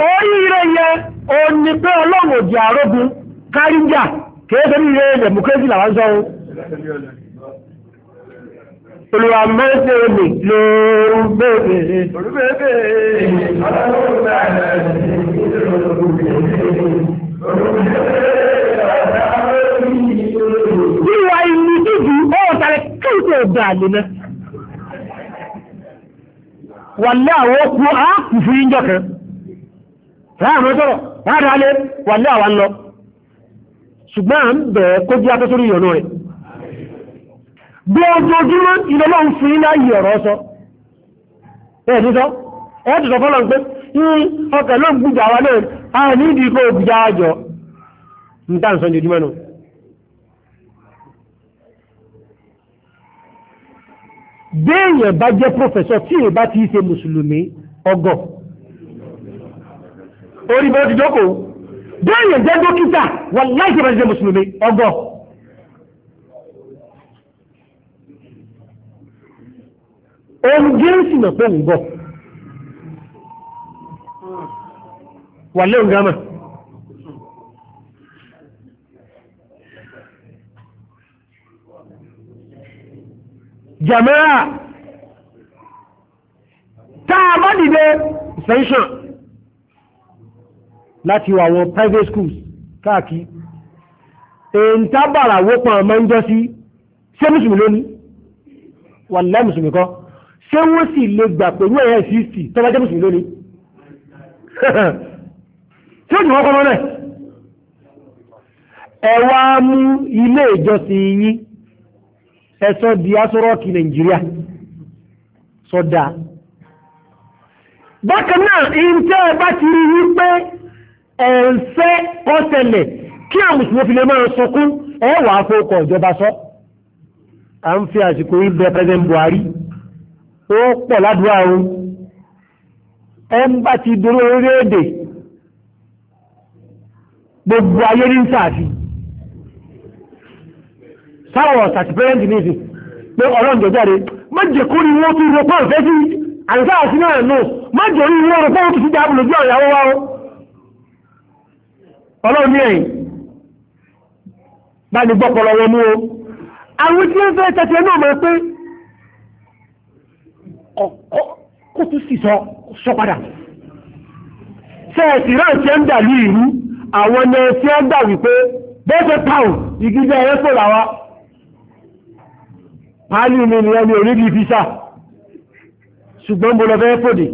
Oríire yẹn, o ní pé ọlọ́run òjì àrógún káríjà kìí tó nílé ilẹ̀ mùkẹ́sì làwọn sọ ohun. Olùwà mẹ́sẹ̀ olè lóòrùn bèèrè. Olùbẹ̀ẹ́bẹ̀ẹ́ dá lè ná wà láàwọ́ kú á kù fún yíjọ kan láàrín ọjọ́rọ̀ láàrín alẹ́ wà láàwà ń lọ ṣùgbọ́n à ń bẹ̀ẹ́ kó jẹ́ atọ́sórí ìyọ̀nà rẹ̀ bí ojoojúmọ́ ìlọ́lọ́ ń fún ilá yìí ọ̀rọ̀ sọ ẹ̀ẹ́dì sọ ẹ̀ẹ́dì sọ fọ́lọ́ pé ní ọkẹ̀ ló ń gbùjà wa náà a ní ìdí kó gbùjà àjọ ń tà ń sọ ojoojúmọ́ náà béèyàn bá jẹ́ pòfẹ́sọ̀ tí èyí bá ti ṣe mùsùlùmí ọgọ̀ orí bó ti jókòó béèyàn jẹ́ dókítà wà láì ṣe bá ti ṣe mùsùlùmí ọgọ̀. ohun jẹ́ǹsì náà pé òun bọ̀ wà lẹ́hìn gámà. jàmẹ́rà táà bá dìde extension láti wà wọn private schools káàkiri èyí tábàrà wópan ọmọ ń jọ sí ṣé mùsùlùmí lónìí wà lẹ́ mùsùlùmí kọ́ ṣé wọ́n sì lè gbà pẹ̀lú ẹ̀yẹ ìsìsì tó bá jẹ́ mùsùlùmí lónìí tí ó jù wọ́n kọ́ mọ́ náà ẹ̀wà mú ilé ìjọsìn yín ẹ̀sọ́ di asọ́rọ́ọ̀kì nàìjíríà sọ́dá bákan náà ìrìntẹ́ ẹ̀bá ti rí wípé ẹ̀ǹfẹ́ ọ̀sẹ̀lẹ̀ kí àwọn mùsùlùmí fi lè máa sọkún ẹ̀wà àfọwọ́kọ̀ ìjọba sọ A ń fi àsìkò ìbẹ̀ president Buhari ó pọ̀ ládùúgbò àwọn ẹ̀ ń bá ti dúró orílẹ̀-èdè gbogbo ayé ní sáàfin táwọn ọ̀sàtì pẹ́rẹ́ǹtì ní ìsìn pé ọlọ́run jẹjáde mọ́jẹ̀ kó ní wọ́n tún rọ pọ́n fẹ́ sí àìsá àti náà nù mọ́jẹ̀ orí wọ́n rọ pọ́n tún sí dáàbò lójú ọ̀yàwó wa ó ọlọ́run ní ẹ̀yìn bá ní gbọ́pọ̀lọ wọn mú o àwọn tí ó fẹ́ tẹ̀tẹ̀ náà mọ̀ pé kó tún sì sọ padà sẹ́ẹ̀sì náà ti ń dà ní ìlú àwọn ẹni tí ó ń dà wípé bẹ́ẹ̀ fẹ́ pàù ìgídẹ́ ẹ̀rẹ́fọ́ làwọn pálí mi ni ẹni orílẹ̀ ìfísà ṣùgbọ́n mo lọ fẹ́ fòdì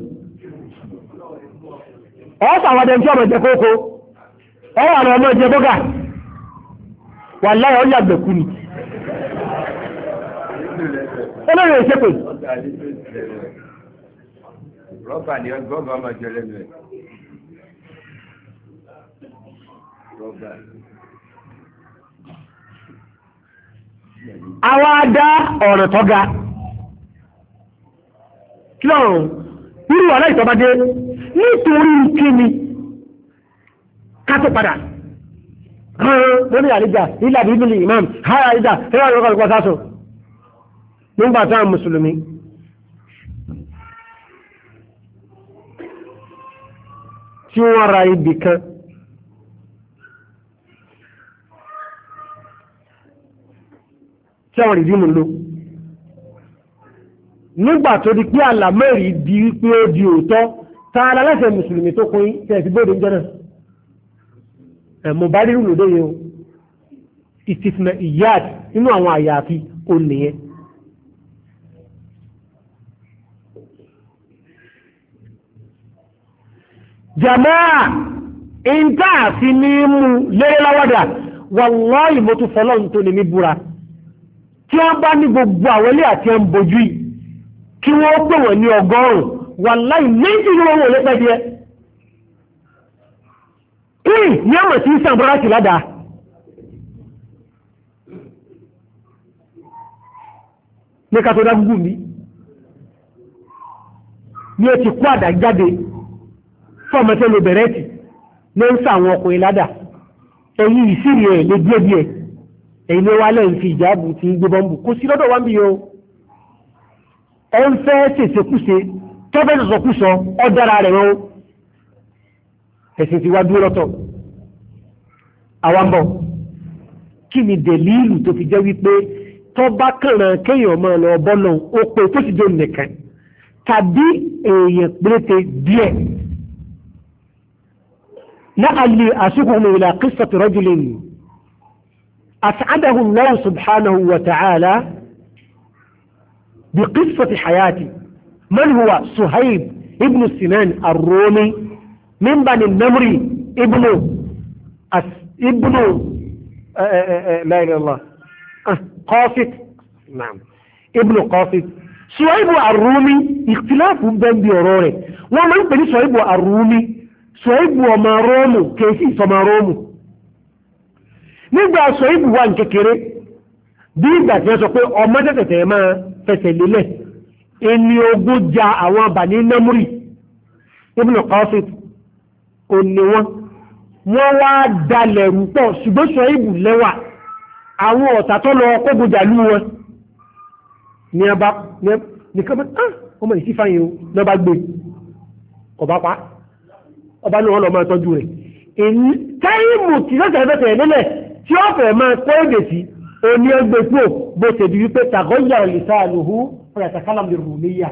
ọ́sàwọ́dẹ̀ tí ọmọ jẹ kókó ọwà rẹ̀ ọmọ jẹ bọ́gà wà láyọ̀ yàgbẹ̀kú ni olóòrè ìṣẹ́pẹ̀ rọ́bà ni àwa dá ọ̀rọ̀ tó ga kí lọ́rùn nínú aláìsọba dé nítorí kíni ká tó padà wọ́n ní àlejò ilé àbí ìbílẹ̀ imam hara àlejò ẹ̀rọ àlejò ọ̀gbọ̀n sáṣọ nígbà táwọn mùsùlùmí tí wọ́n ra ibì kan tí àwọn rìdíìmù lò nígbà tó di pé àlàmẹ́rì di wípé ó di òótọ́ ta ara lẹ́sẹ̀ mùsùlùmí tó kún tẹ̀sí bóde ń jẹ́nà ẹ̀mọ bá rírù lóde yẹn ìtìsìnà ìyáàd nínú àwọn àyàfi ó nìyẹn jamaa ìntàfi ní mú lérè láwọ́dà wàláhì mo tún ní mi tí wọ́n bá ní gbogbo àwọlé àti ẹn bojú yìí kí wọ́n pè wọ́n ní ọgọ́rùn-ún wà láì méjì ní owó olóòpẹ́ díẹ̀ ìrìn ní ọmọ sí sàmbúrásì ládàá ní ká tó dágúgú mi ní o ti kó àdá jáde fọ́ọ̀mọ́tẹ́lẹ̀ bẹ̀rẹ̀ tì ní ń sàwọn ọkùnrin ládàá ẹ̀yìn ìsírí ẹ̀ lè díẹ̀díẹ̀ èyí ni wàá lẹ́yìn fi ìjáàbù ti gbé bọ́ǹbù kò sí lọ́dọ̀ wá ń bí o ẹ ń fẹ́ ṣèṣekúṣe tọ́fẹ́ sọ̀sọ̀kúsọ ọ̀dára rẹ̀ o ẹ̀sìn ti wá dúró lọ́tọ̀ àwa ń bọ̀ kí ni dèlíìlù tó fi jẹ́ wípé tọ́ba kànáà kéèyàn máa lọ ọbọ̀ náà ó pé tó ti dé nìkan tàbí èèyàn péréte díẹ̀ láàlì àsìkò ọmọ ìlà kìsàtì rọ́jùlẹ̀ nìyí. أسعده الله سبحانه وتعالى بقصة حياته من هو صهيب ابن السنان الرومي من بني النمر ابن أس ابن آه، آه، آه، لا إله الله قاصد نعم ابن قاصد صهيب الرومي اختلاف بين بيوروري ومن بني صهيب الرومي صهيب وما رومو كيف فما رومو nígbà sọ ìbù wa kékeré bí ìgbà tí wọ́n sọ pé ọmọ tẹ̀tẹ̀tẹ̀ máa fẹsẹ̀ lélẹ̀ ẹni ogún ja àwọn abàní nẹ́múrì ibùdó kọ́fì òní wọn wọ́n wá dalẹ̀ rúpọ̀ ṣùgbọ́n sọ ìbù lẹ́wà àwọn ọ̀tà tó lọ kógun jàlú wọn ní ọba nìkan bá ah, ọmọ ìsífàyè lọ́ba gbé ọba pa ọba ní wọn lọ máa tọ́jú rẹ̀ táìmù tí lọ́sẹ̀ fẹ́sẹ̀ lélẹ̀ tí ó fẹ́ máa kó èdè sí oní ẹgbẹ́ pò bó ṣe di wípé tàgọ́yà òlìṣà àlùhù ọ̀yàtàkálà lè rù níyà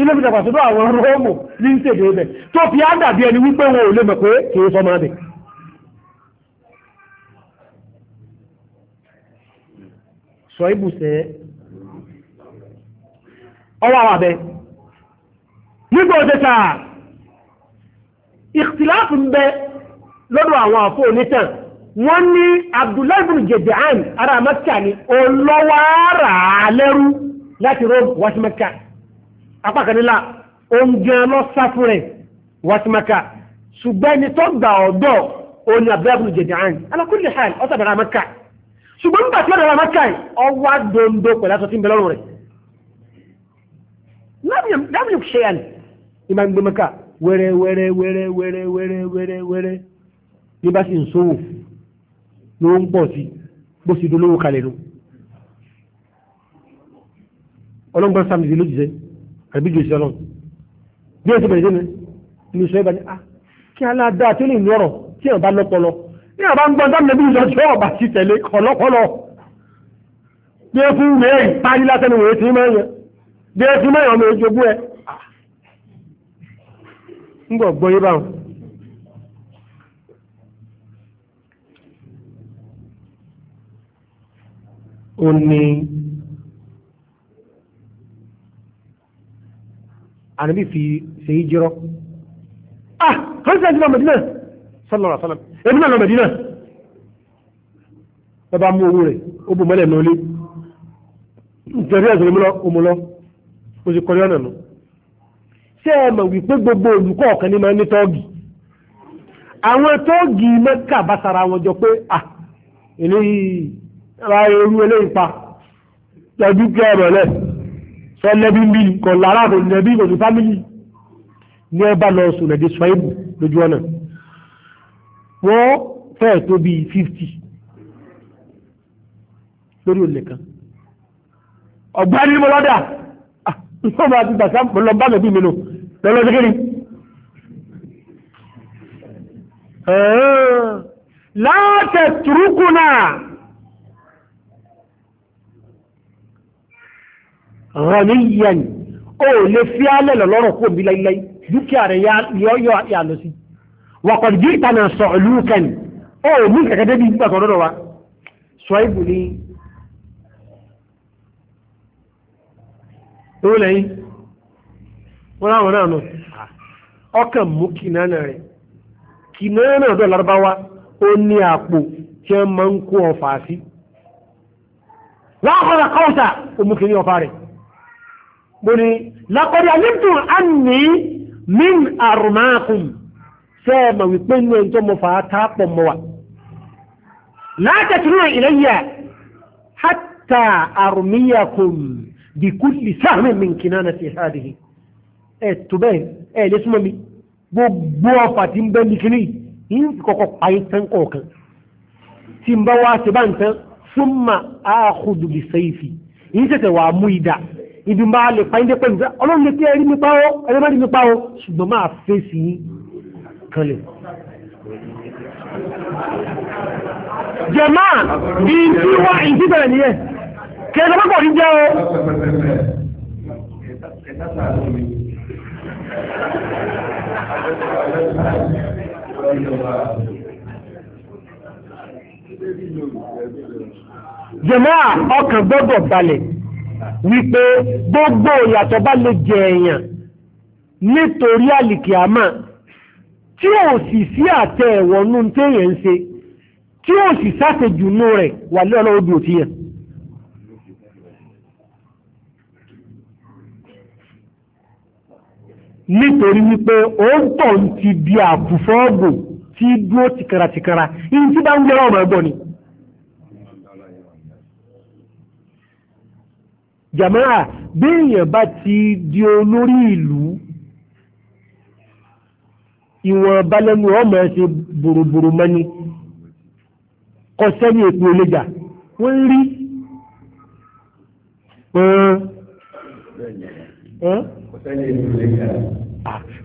ilé fi dàgbà sọ́dọ̀ àwọn róòmù ní ń tèdè ibẹ̀ tó fi á dàbí ẹni wípé wọn ò lè mọ̀ pé kì í sọmọ abẹ. sọ ibùsẹ̀ ọwọ́ àwọn abẹ nígbà òde tàà ìtìláàfù ń bẹ lọ́dọ̀ àwọn àfọ onítàn wọ́n ní abdullahi bin jẹ̀dẹ̀án ara mẹ́kà ni olówárà lẹ́rú láti rome wá sí mẹ́kà apákanílá oúnjẹ lọ́sàfún rẹ̀ wá sí mẹ́kà ṣùgbọ́n ẹni tó gbà ọ̀dọ́ òní abdullahi bin jẹ̀dẹ̀án ala kulli hal ọ̀tọ̀ bẹ̀rẹ̀ mẹ́kà ṣùgbọ́n nígbà tí ó dara mẹ́kà ọwá dondo pẹ̀lú aṣọ tí ń bẹ lọ́rùn rẹ̀ lábìyàn ṣe yàn ìmọ̀ ń gbé mẹ́kà wẹ́rẹ́ wẹ́rẹ́ wẹ́rẹ́ wẹ́rẹ́ wẹ́rẹ́ wẹ́rẹ́ ní bá sì ń sówò ló ń bọ̀ sí bó sì dolówó kalẹ̀ nù ọlọ́gbọ́n sàmìsì ló jìṣẹ́ àbí jòsì ọlọ́run bí ó ti bẹ̀rẹ̀ sí mi ní sọ ìbàdí ah kí aláàdá tí ó lè lọ́rọ̀ tí ẹ̀ bá lọ́pọlọ ní àbá ń gbọ́n dámì lẹ́bí ìjọsọ́ ọ̀bà ti tẹ̀lé kọ̀lọ́kọ̀lọ́ bí ó fún mẹ́rin parí látẹnu wòye tí mẹ́rin bí ó fún mẹ́rin ọmọ ìjogún ẹ̀ ah. ń gbọ̀ gbọ́ yé báwọn ó ní ànábì fi ṣe é jírọ́ ah kọ́ńtà ti lọ mẹ́dínà sọlọ́rọ̀ sọlọ́ ebi náà lọ mẹ́dínà bàbá mú owó rẹ̀ ó bò mọ́lẹ̀ nọ́ọ́lé nítorí ẹ̀sìn mi lọ òmù lọ ó sì kọ́lé ọ̀nà nù ṣé ẹ mọ̀ wípé gbogbo olùkọ́ ọ̀kan ní máa ní tọ́ọ̀gì àwọn tọ́ọ̀gì mẹ́kà bá sara wọn jọ pé ah eléyìí ra eru eléyìí pa tọ́jú kí ọ̀rọ̀ lẹ̀ sọ lẹ́bí ń bí kò lára kò lẹ́bí kò sí fámìlì ní ẹ bá lọ sùn lẹ́dí sọ ìbù lójú ọ̀nà wọ́n fẹ́ẹ̀ tó bíi fifty lórí olè kan ọ̀gbẹ́ni ni mo lọ́dà ah, nígbà máa ti gbàgbà mo lọ bá nàbí mi nù lọ́lọ́ sí kíni. láàtẹ̀ ghaniyan ó lè fi alẹ́ lọ́rọ̀ kó bí láíláí dúkìá rẹ̀ yọ yà lọ sí wàkọ̀dì bí ìtànà sọ̀lú kẹ́ni ó ní kẹ̀kẹ́ débi wa sọ ibù wọ́n láwọn náà nù ọkàn mú rẹ̀ larabawa ó ní àpò tí wọ́n máa ń kó ọfà sí wọ́n bóni lápẹ́rẹ́ alẹ́tùn àní min àrùmáàkùn sẹ́ẹ̀mà wípé inú ẹjọ́ mọ́ fà á tápọ̀ mọ́ wa látẹ̀tún ìlẹ́yà hátà àrùmíyàkùn bí kúlì sáàmì min kìnnà ti hádìí ẹ̀ tó bẹ́ẹ̀ ẹ̀ lé súnmọ́ mi gbogbo ọfà tí ń bẹ́ mi kìíní yìí ń kọ́kọ́ pa yín tán kọ̀ọ̀kan tí ń bá wá ṣe bá ń tán súnmọ́ àkùdù bí sẹ́yìfì yìí tẹ̀tẹ̀ wà á mú ìdá ibi máa lè fa ilé pẹ̀lú ọlọ́run lè kí ẹrí nípa ó ẹrí má rí nípa ó ṣùgbọ́n máa fẹ́ sí kanlẹ̀. jẹ̀má bí n tí wá ìdí bẹ̀rẹ̀ nìyẹn kí ẹ lọ́pọ̀ rí jẹ́ o. jẹ̀má ọkàn gbọ́dọ̀ balẹ̀ wípé gbogbo ìyàtọ̀ bá lè jẹ èèyàn nítorí àlìkìámà tí ò sì sí àtẹ ẹ̀wọ̀nú téèyàn ń ṣe tí ò sì sásejùnú rẹ̀ wà lé ọlọ́wọ́ bí òtí yẹn. nítorí wípé ó ń tọ̀ ti di àkùfọ́ọ̀gù tí dúró tìkàràtìkàrà ìyí tí bá ń gbẹ́rọ̀ ọmọ ẹ̀gbọ́n ni. jàmáà béèyàn bá ti di olórí ìlú ìwọ̀n balẹ̀nu ọmọ ẹ̀ ṣe bòròbòrò mọ́ni kọ sẹ́yìn èpò olójà wọ́n rí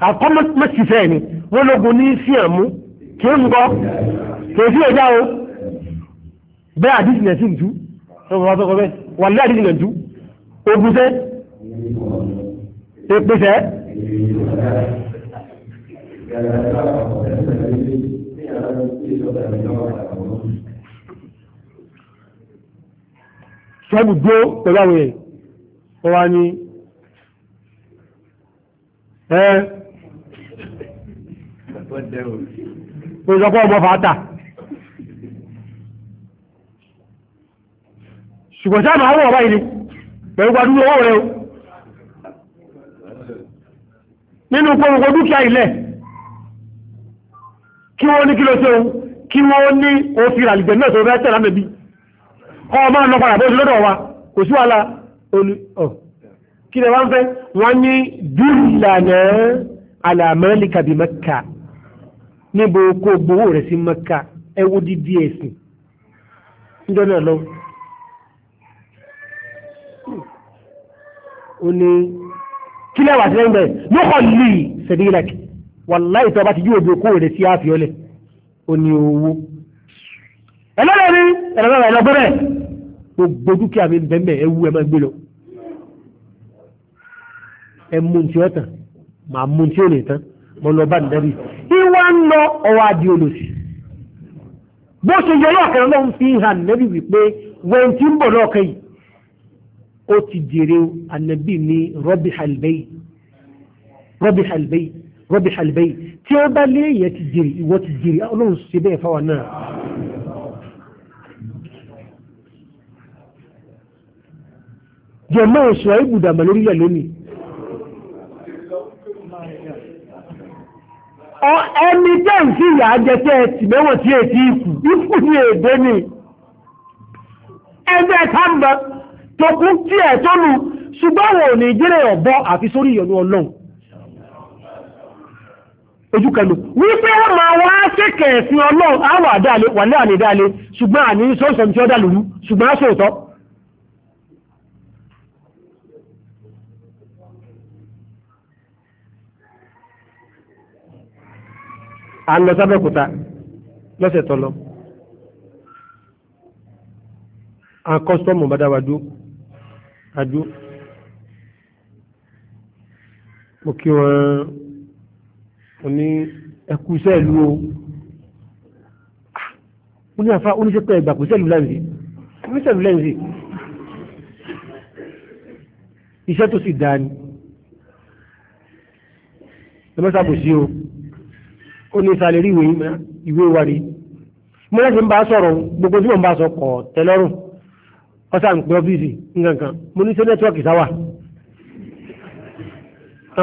àkọ́mọ́sífẹ́ ni wọ́n lógun ní sí àmú ogúnṣẹ́ ìpèsè ṣọ́bù gbó pẹ̀lú àwọn èèyàn wọ́n wá ní ẹ́ òṣìṣọ́pọ̀ ọmọ fàátà ṣùgbọ́n sáà máa wọ́n ọ̀bá ilé pẹ̀lú gbadúgbò owó rẹ o nínú gbogbo dúkìá ilẹ̀ kí wọ́n ní kí ló ṣe o kí wọ́n ní òfin àlìgbẹ̀ náà tó fẹ́ tẹ̀lá mẹ́bí kọ́ ọmọ ọ̀nà padà bó ti lọ́dọ̀ wa kò sí wàhálà olú ọ̀ kí lè wá ń fẹ́ wọ́n ní dúlànà alàmọ́lìkà mẹ́kà níbo kó gbowó rẹ̀ sí mẹ́kà ẹwú dídí ẹ̀sìn níjọ́ náà lọ́wọ́ ó ní kí lẹ́wà sí lẹ́yìn bẹ́ẹ̀ ló kọ̀ lì sẹ̀dí ilẹ̀kì wàláì tó bá ti yí òbí okó rẹ̀ sí àfihàn ó ní owó ẹlọ́rẹ̀ ní ẹ̀rọ̀rẹ̀ ẹlọ́gbẹ́rẹ̀ gbogbo dúkìá mi bẹ́ẹ̀mẹ̀ ẹwú ẹ máa gbé lọ ẹ mú tí ó tàn màá mú tí ó lè tán mo lọ bá ní bó ṣe yọ lọ́ọ̀kan lọ́hùn fi hàn nẹ́bí wípé wẹ́n tí ń bọ̀ lọ́ọ̀kan yìí ó ti jèrè ànábì ní rọ́bì halbẹ́yì rọ́bì halbẹ́yì rọ́bì halbẹ́yì tí ó bá lé èèyàn ti jèrè ìwọ ti jèrè ọlọ́run ṣe bẹ́ẹ̀ fáwọn náà. jẹ̀mọ́ ìṣọ́ ibùdàmọ̀ lórílẹ̀ lónìí. ẹni tẹ́ ń ìyà ajẹ́tẹ́ ẹ̀tì mẹ́wọ̀n tí ètí ikú ikú ní èdè ni ẹgbẹ́ tábà tó kún tí ẹ̀ tó lu ṣùgbọ́n wọn ò ní jẹ́rẹ̀ ọ̀bọ àfi sórí ìyọnu ọlọ́run ojú kẹlu wípé wọn máa wá kéèkè ẹ̀sìn ọlọ́run àwọn àdáàlé wà ní àní dáàlé ṣùgbọ́n àní sọ́ọ̀sọ̀ tí ó dà lùrú ṣùgbọ́n aṣọ òtọ́ à ń lọ sábẹ́kúta lọ́sẹ̀ tọ́lọ́ àwọn kọ́sítọ́ọ̀mù bá dá wa dúró adó mo kí wọn mo ní ẹkú iṣẹ́ ìlú o mo ní àfa oníṣẹ́ pé ẹgbà kò iṣẹ́ ìlú lẹ́ǹsì oníṣẹ́ ìlú lẹ́ǹsì iṣẹ́ tó sì dáa ni lọ́mọ́sá kò sí o ó ní ìsàlẹ̀ rí ìwé wa rí mo lẹ́sìn bá sọ̀rọ̀ gbogbo tí mo bá sọ kọ̀ tẹ́lọ́rùn ọ̀sán ń pè ọ́fíìsì nǹkankan mo ní ṣe nẹ́tíwọ́ọ̀kì sáwà ń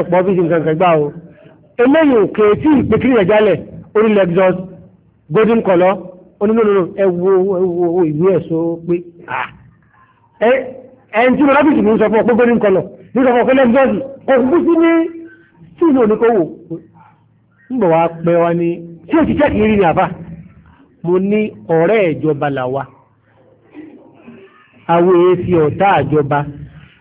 pè ọ́fíìsì nǹkankan gbá o eléyìí òkè tí ìpèkìrì rẹ̀ jálẹ̀ orí lexus golden color onínúnú ẹ wo owó ìwé ẹ̀sọ́ pé ẹn tí mo lábìsì mi ń sọ fún ọ pé golden color mi sọ fún ọ pé lexus kò kú sí ní tí ìlú oníkòwò ń bọ̀ wá pẹ́ wa ní tí òṣìṣẹ́ kìí rí ní àbá mo ní ọ̀rẹ́ ìjọba làwa àwọn èéfì ọ̀tá àjọba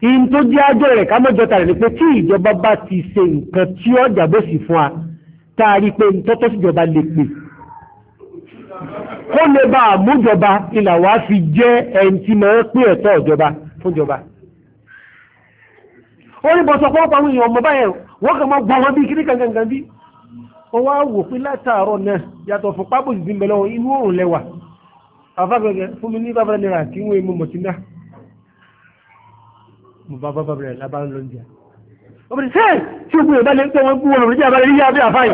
in tó jẹ́ àjọ rẹ̀ ká mọ́jọta rẹ̀ ni pé tí ìjọba bá ti ṣe nǹkan tí ó jàbó sí fún wa tá a rí pé tọ́tọ́ síjọba lè pè kó lè bá àmújọba ìlà wá fi jẹ́ ẹni tí mọ̀ pé ẹ̀tọ́ ìjọba fúnjọba ó ní bọ́sọ̀ pọ́pọ̀ àwọn èèyàn ọmọ báyẹn wọ́n kàn mọ́ gbọ́n wọn bí kíní kankan bí ó wá látàárọ̀ náà yàtọ̀ fún pápò afágbẹ̀gẹ̀ fún mi ní bàbá náírà tí wọ́n mú mọ̀tínà mo bá bàbá lábára lọ́njà ọmọ ti sẹ́ẹ̀ tí ó gbé ìbálẹ̀ wọ́n gbúwọ́n lórí àbálẹ̀ yíyá bí àfáì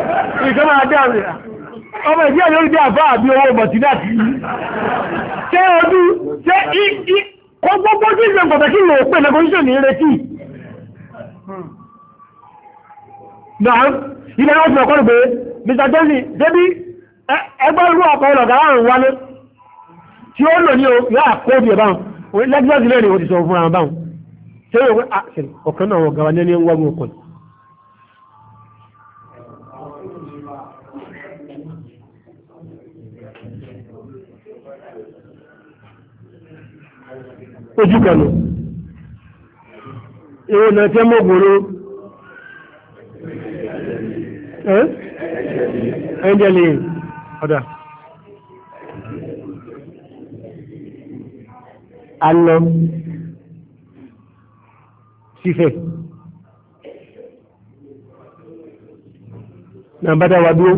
ìkan máa dá rẹ̀ àfá àbí owó mọ̀tínà tí ṣé ọdún ṣé kọ́gbọ́gbọ́ tí ìgbẹ̀ pàtàkì lò pé negotiation ní retí ilẹ̀ ọ̀sán ọkọ̀ rẹ̀ Mr. Johnson débi ẹgbẹ́ irú ọ̀pọ̀ ọlọ̀gá àrùn wálé tí ó lò ní yóò àkóòdì ẹ̀ báwọn lẹ́gbẹ́sì lẹ́rìn ìwọ̀n ti sọ fún àwọn tí ó wọ́n àṣírí ọ̀kan náà wọ̀n gàwà ní ẹni wọ́n ọkọ̀ ojú kanú ìwọ̀n náà tí ẹ mọ́ gbòòrò ẹ̀ẹ́dẹ̀lẹ̀ ọ̀dà a lọ sífẹ̀ náà bá dáwà dúró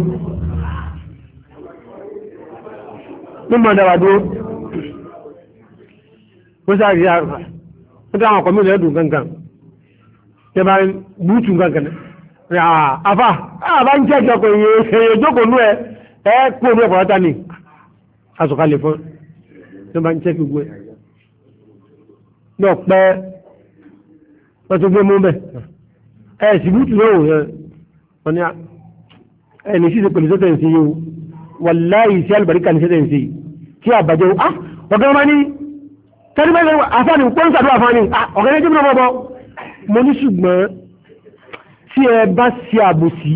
ní mọ̀ dáwà dúró ó sáré àrùfà ó dáwọn ọkọ̀ mílẹ̀ ẹ̀dùn gangan tẹ bá ń búùtù gangan àfà àbá ń jẹ́ ìjọkọ̀ èyí jókòó nú ẹ ẹ́ kúrò ní ọ̀pọ̀ látà ní àsọ̀kalẹ̀ fún tó bá ń jẹ́ gbogbo ẹ̀ náà pẹ́ wọ́n tún gbé mú bẹ̀ ẹ̀ sì bútù náà wòye wọ́n ní ẹ̀ ní sísè pẹ̀lú sọ́tẹ̀ ń sí yìí wàláyé sí àlùbáríkà ní sọ́tẹ̀ ń sí yìí kí àbàjẹ́ wò á ah, ọ̀gá wọn ní tẹ́lifẹ̀sẹ̀ àfáàní pọ́n sàdúrà fún mi ah, ọ̀gá ẹni tó ń bọ̀ mo ní ṣùgbọ́n tí ẹ bá ṣe àbòsí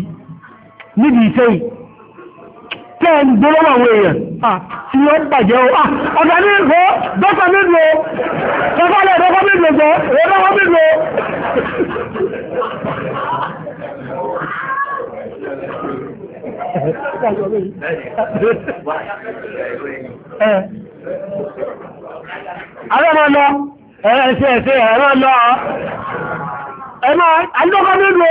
níbi iṣẹ́ yìí tẹ́ ẹ ń gbólọ́wọ́ àwọn èèyàn ah, ni ó bàjẹ́ o ah, ọ̀gá ní ìgbó dọ́kọ̀ nílò sọfọ́lẹ̀ dọ́kọ̀ nílò gbó ìrọ́dọ́kọ̀ nílò Àwọn ọmọ lọ, ẹ̀rẹ́ ẹ̀ṣẹ́ ẹ̀ṣẹ́ ẹ̀rọ lọ, ẹ̀mọ́ àjọ́kọ́ nílò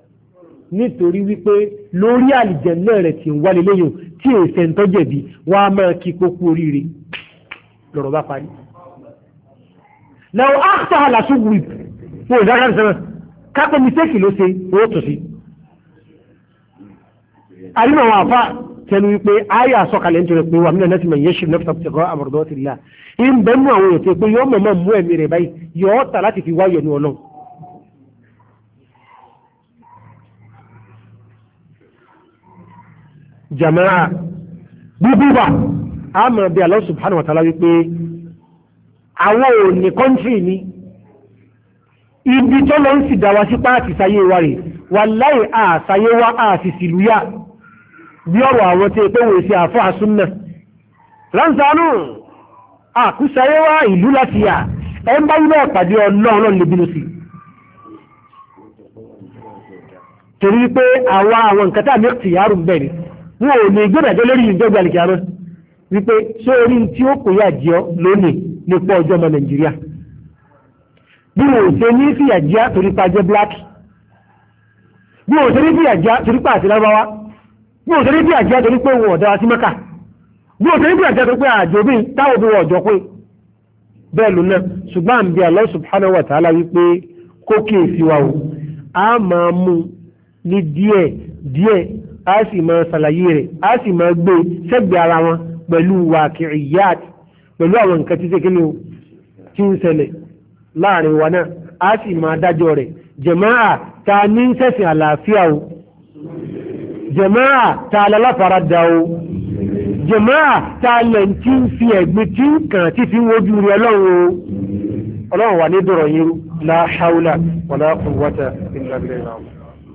nítorí wípé lórí àlìjẹ̀nà rẹ̀ tí ń wálé léyìn tí èsẹ̀ ń tọ́jẹ̀bi wọ́n á máa kí pópó oríire lọ́rọ̀ bá parí. lẹ́wọ̀n áṣà àlàsù wìp fún ìdájọ́ ìṣẹ́wọ̀n kápẹ́ mistake ló ṣe owó tó sí. àrínà àwọn àfa tẹnu wípé ayé àsọkalẹ̀ ń tọrọ pé wà mí náà tìmọ̀ yẹ́ṣù náà fìtàkùn tẹ̀kọ́ àmọ̀rọ̀dọ́ ti la ìbẹ̀mú àwọn ètò pé yọ́ọ́ mọ́ ẹ̀mí rẹ̀ báyìí yọ́ọ́ tà láti fi wáyọ̀ ní ọlọ́run jàmáà gbogbo wa a mọ̀ bí Allah subhanahu wa ta'ala wípé àwọn ò ní kọ́ńtírì ni ibi tó lọ ń sì dá wa sí páàtì sáyé wa rè wallahi àsáyé wa àsìsìlú yá bí ọ̀rọ̀ àwọn tí pé wòye sí àfọ́ àsúnnà ránṣánú àkúsáyé wa ìlú láti yà ẹ ń bá wílọ̀ pàdé ọlọ́run lè sí torí pé àwọn àwọn nǹkan tá wọn ò lè gbẹ́dàjọ́ lórí ìjọba àlìkàrọ́ wípé ṣé orí tí ó kò yà jẹ́ lónìí nípa ọjọ́ ọmọ nàìjíríà bí wọn ò ṣe ní fìyà torí pa black bí wọn ò ṣe ní fìyà jẹ́ torí pa àti lábáwá bí wọn ò ṣe ní fìyà jẹ́ torí pé wọn ọ̀dá wa sí mẹ́kà bí wọn ò ṣe ní fìyà jẹ́ torí pé àjò bí táwọn òbí wọn pé bẹ́ẹ̀ ló náà ṣùgbọ́n àmì Allah subhanahu wa ta'ala wípé kó kíyèsí wa o a máa mú ní a sì mọ ṣàlàyé rẹ̀ a sì mọ gbé sẹ́gbẹ̀ẹ́ ara wọn pẹ̀lú wàkìrìyàt pẹ̀lú àwọn nǹkan tí sèké ni o ti ń ṣẹlẹ̀ láàrin wa náà a sì mọ adájọ́ rẹ̀ jẹ̀máà ta ní sẹ̀sìn àlàáfíà o jẹ̀máà ta lálàfàrà da o jẹ̀máà ta lẹ̀ tí ń fi ẹ̀gbin tí ń kàn tí fi ń wojú rẹ̀ ọlọ́run o ọlọ́run wà ní dọ̀rọ̀ yín la haula wala quwwata illa billah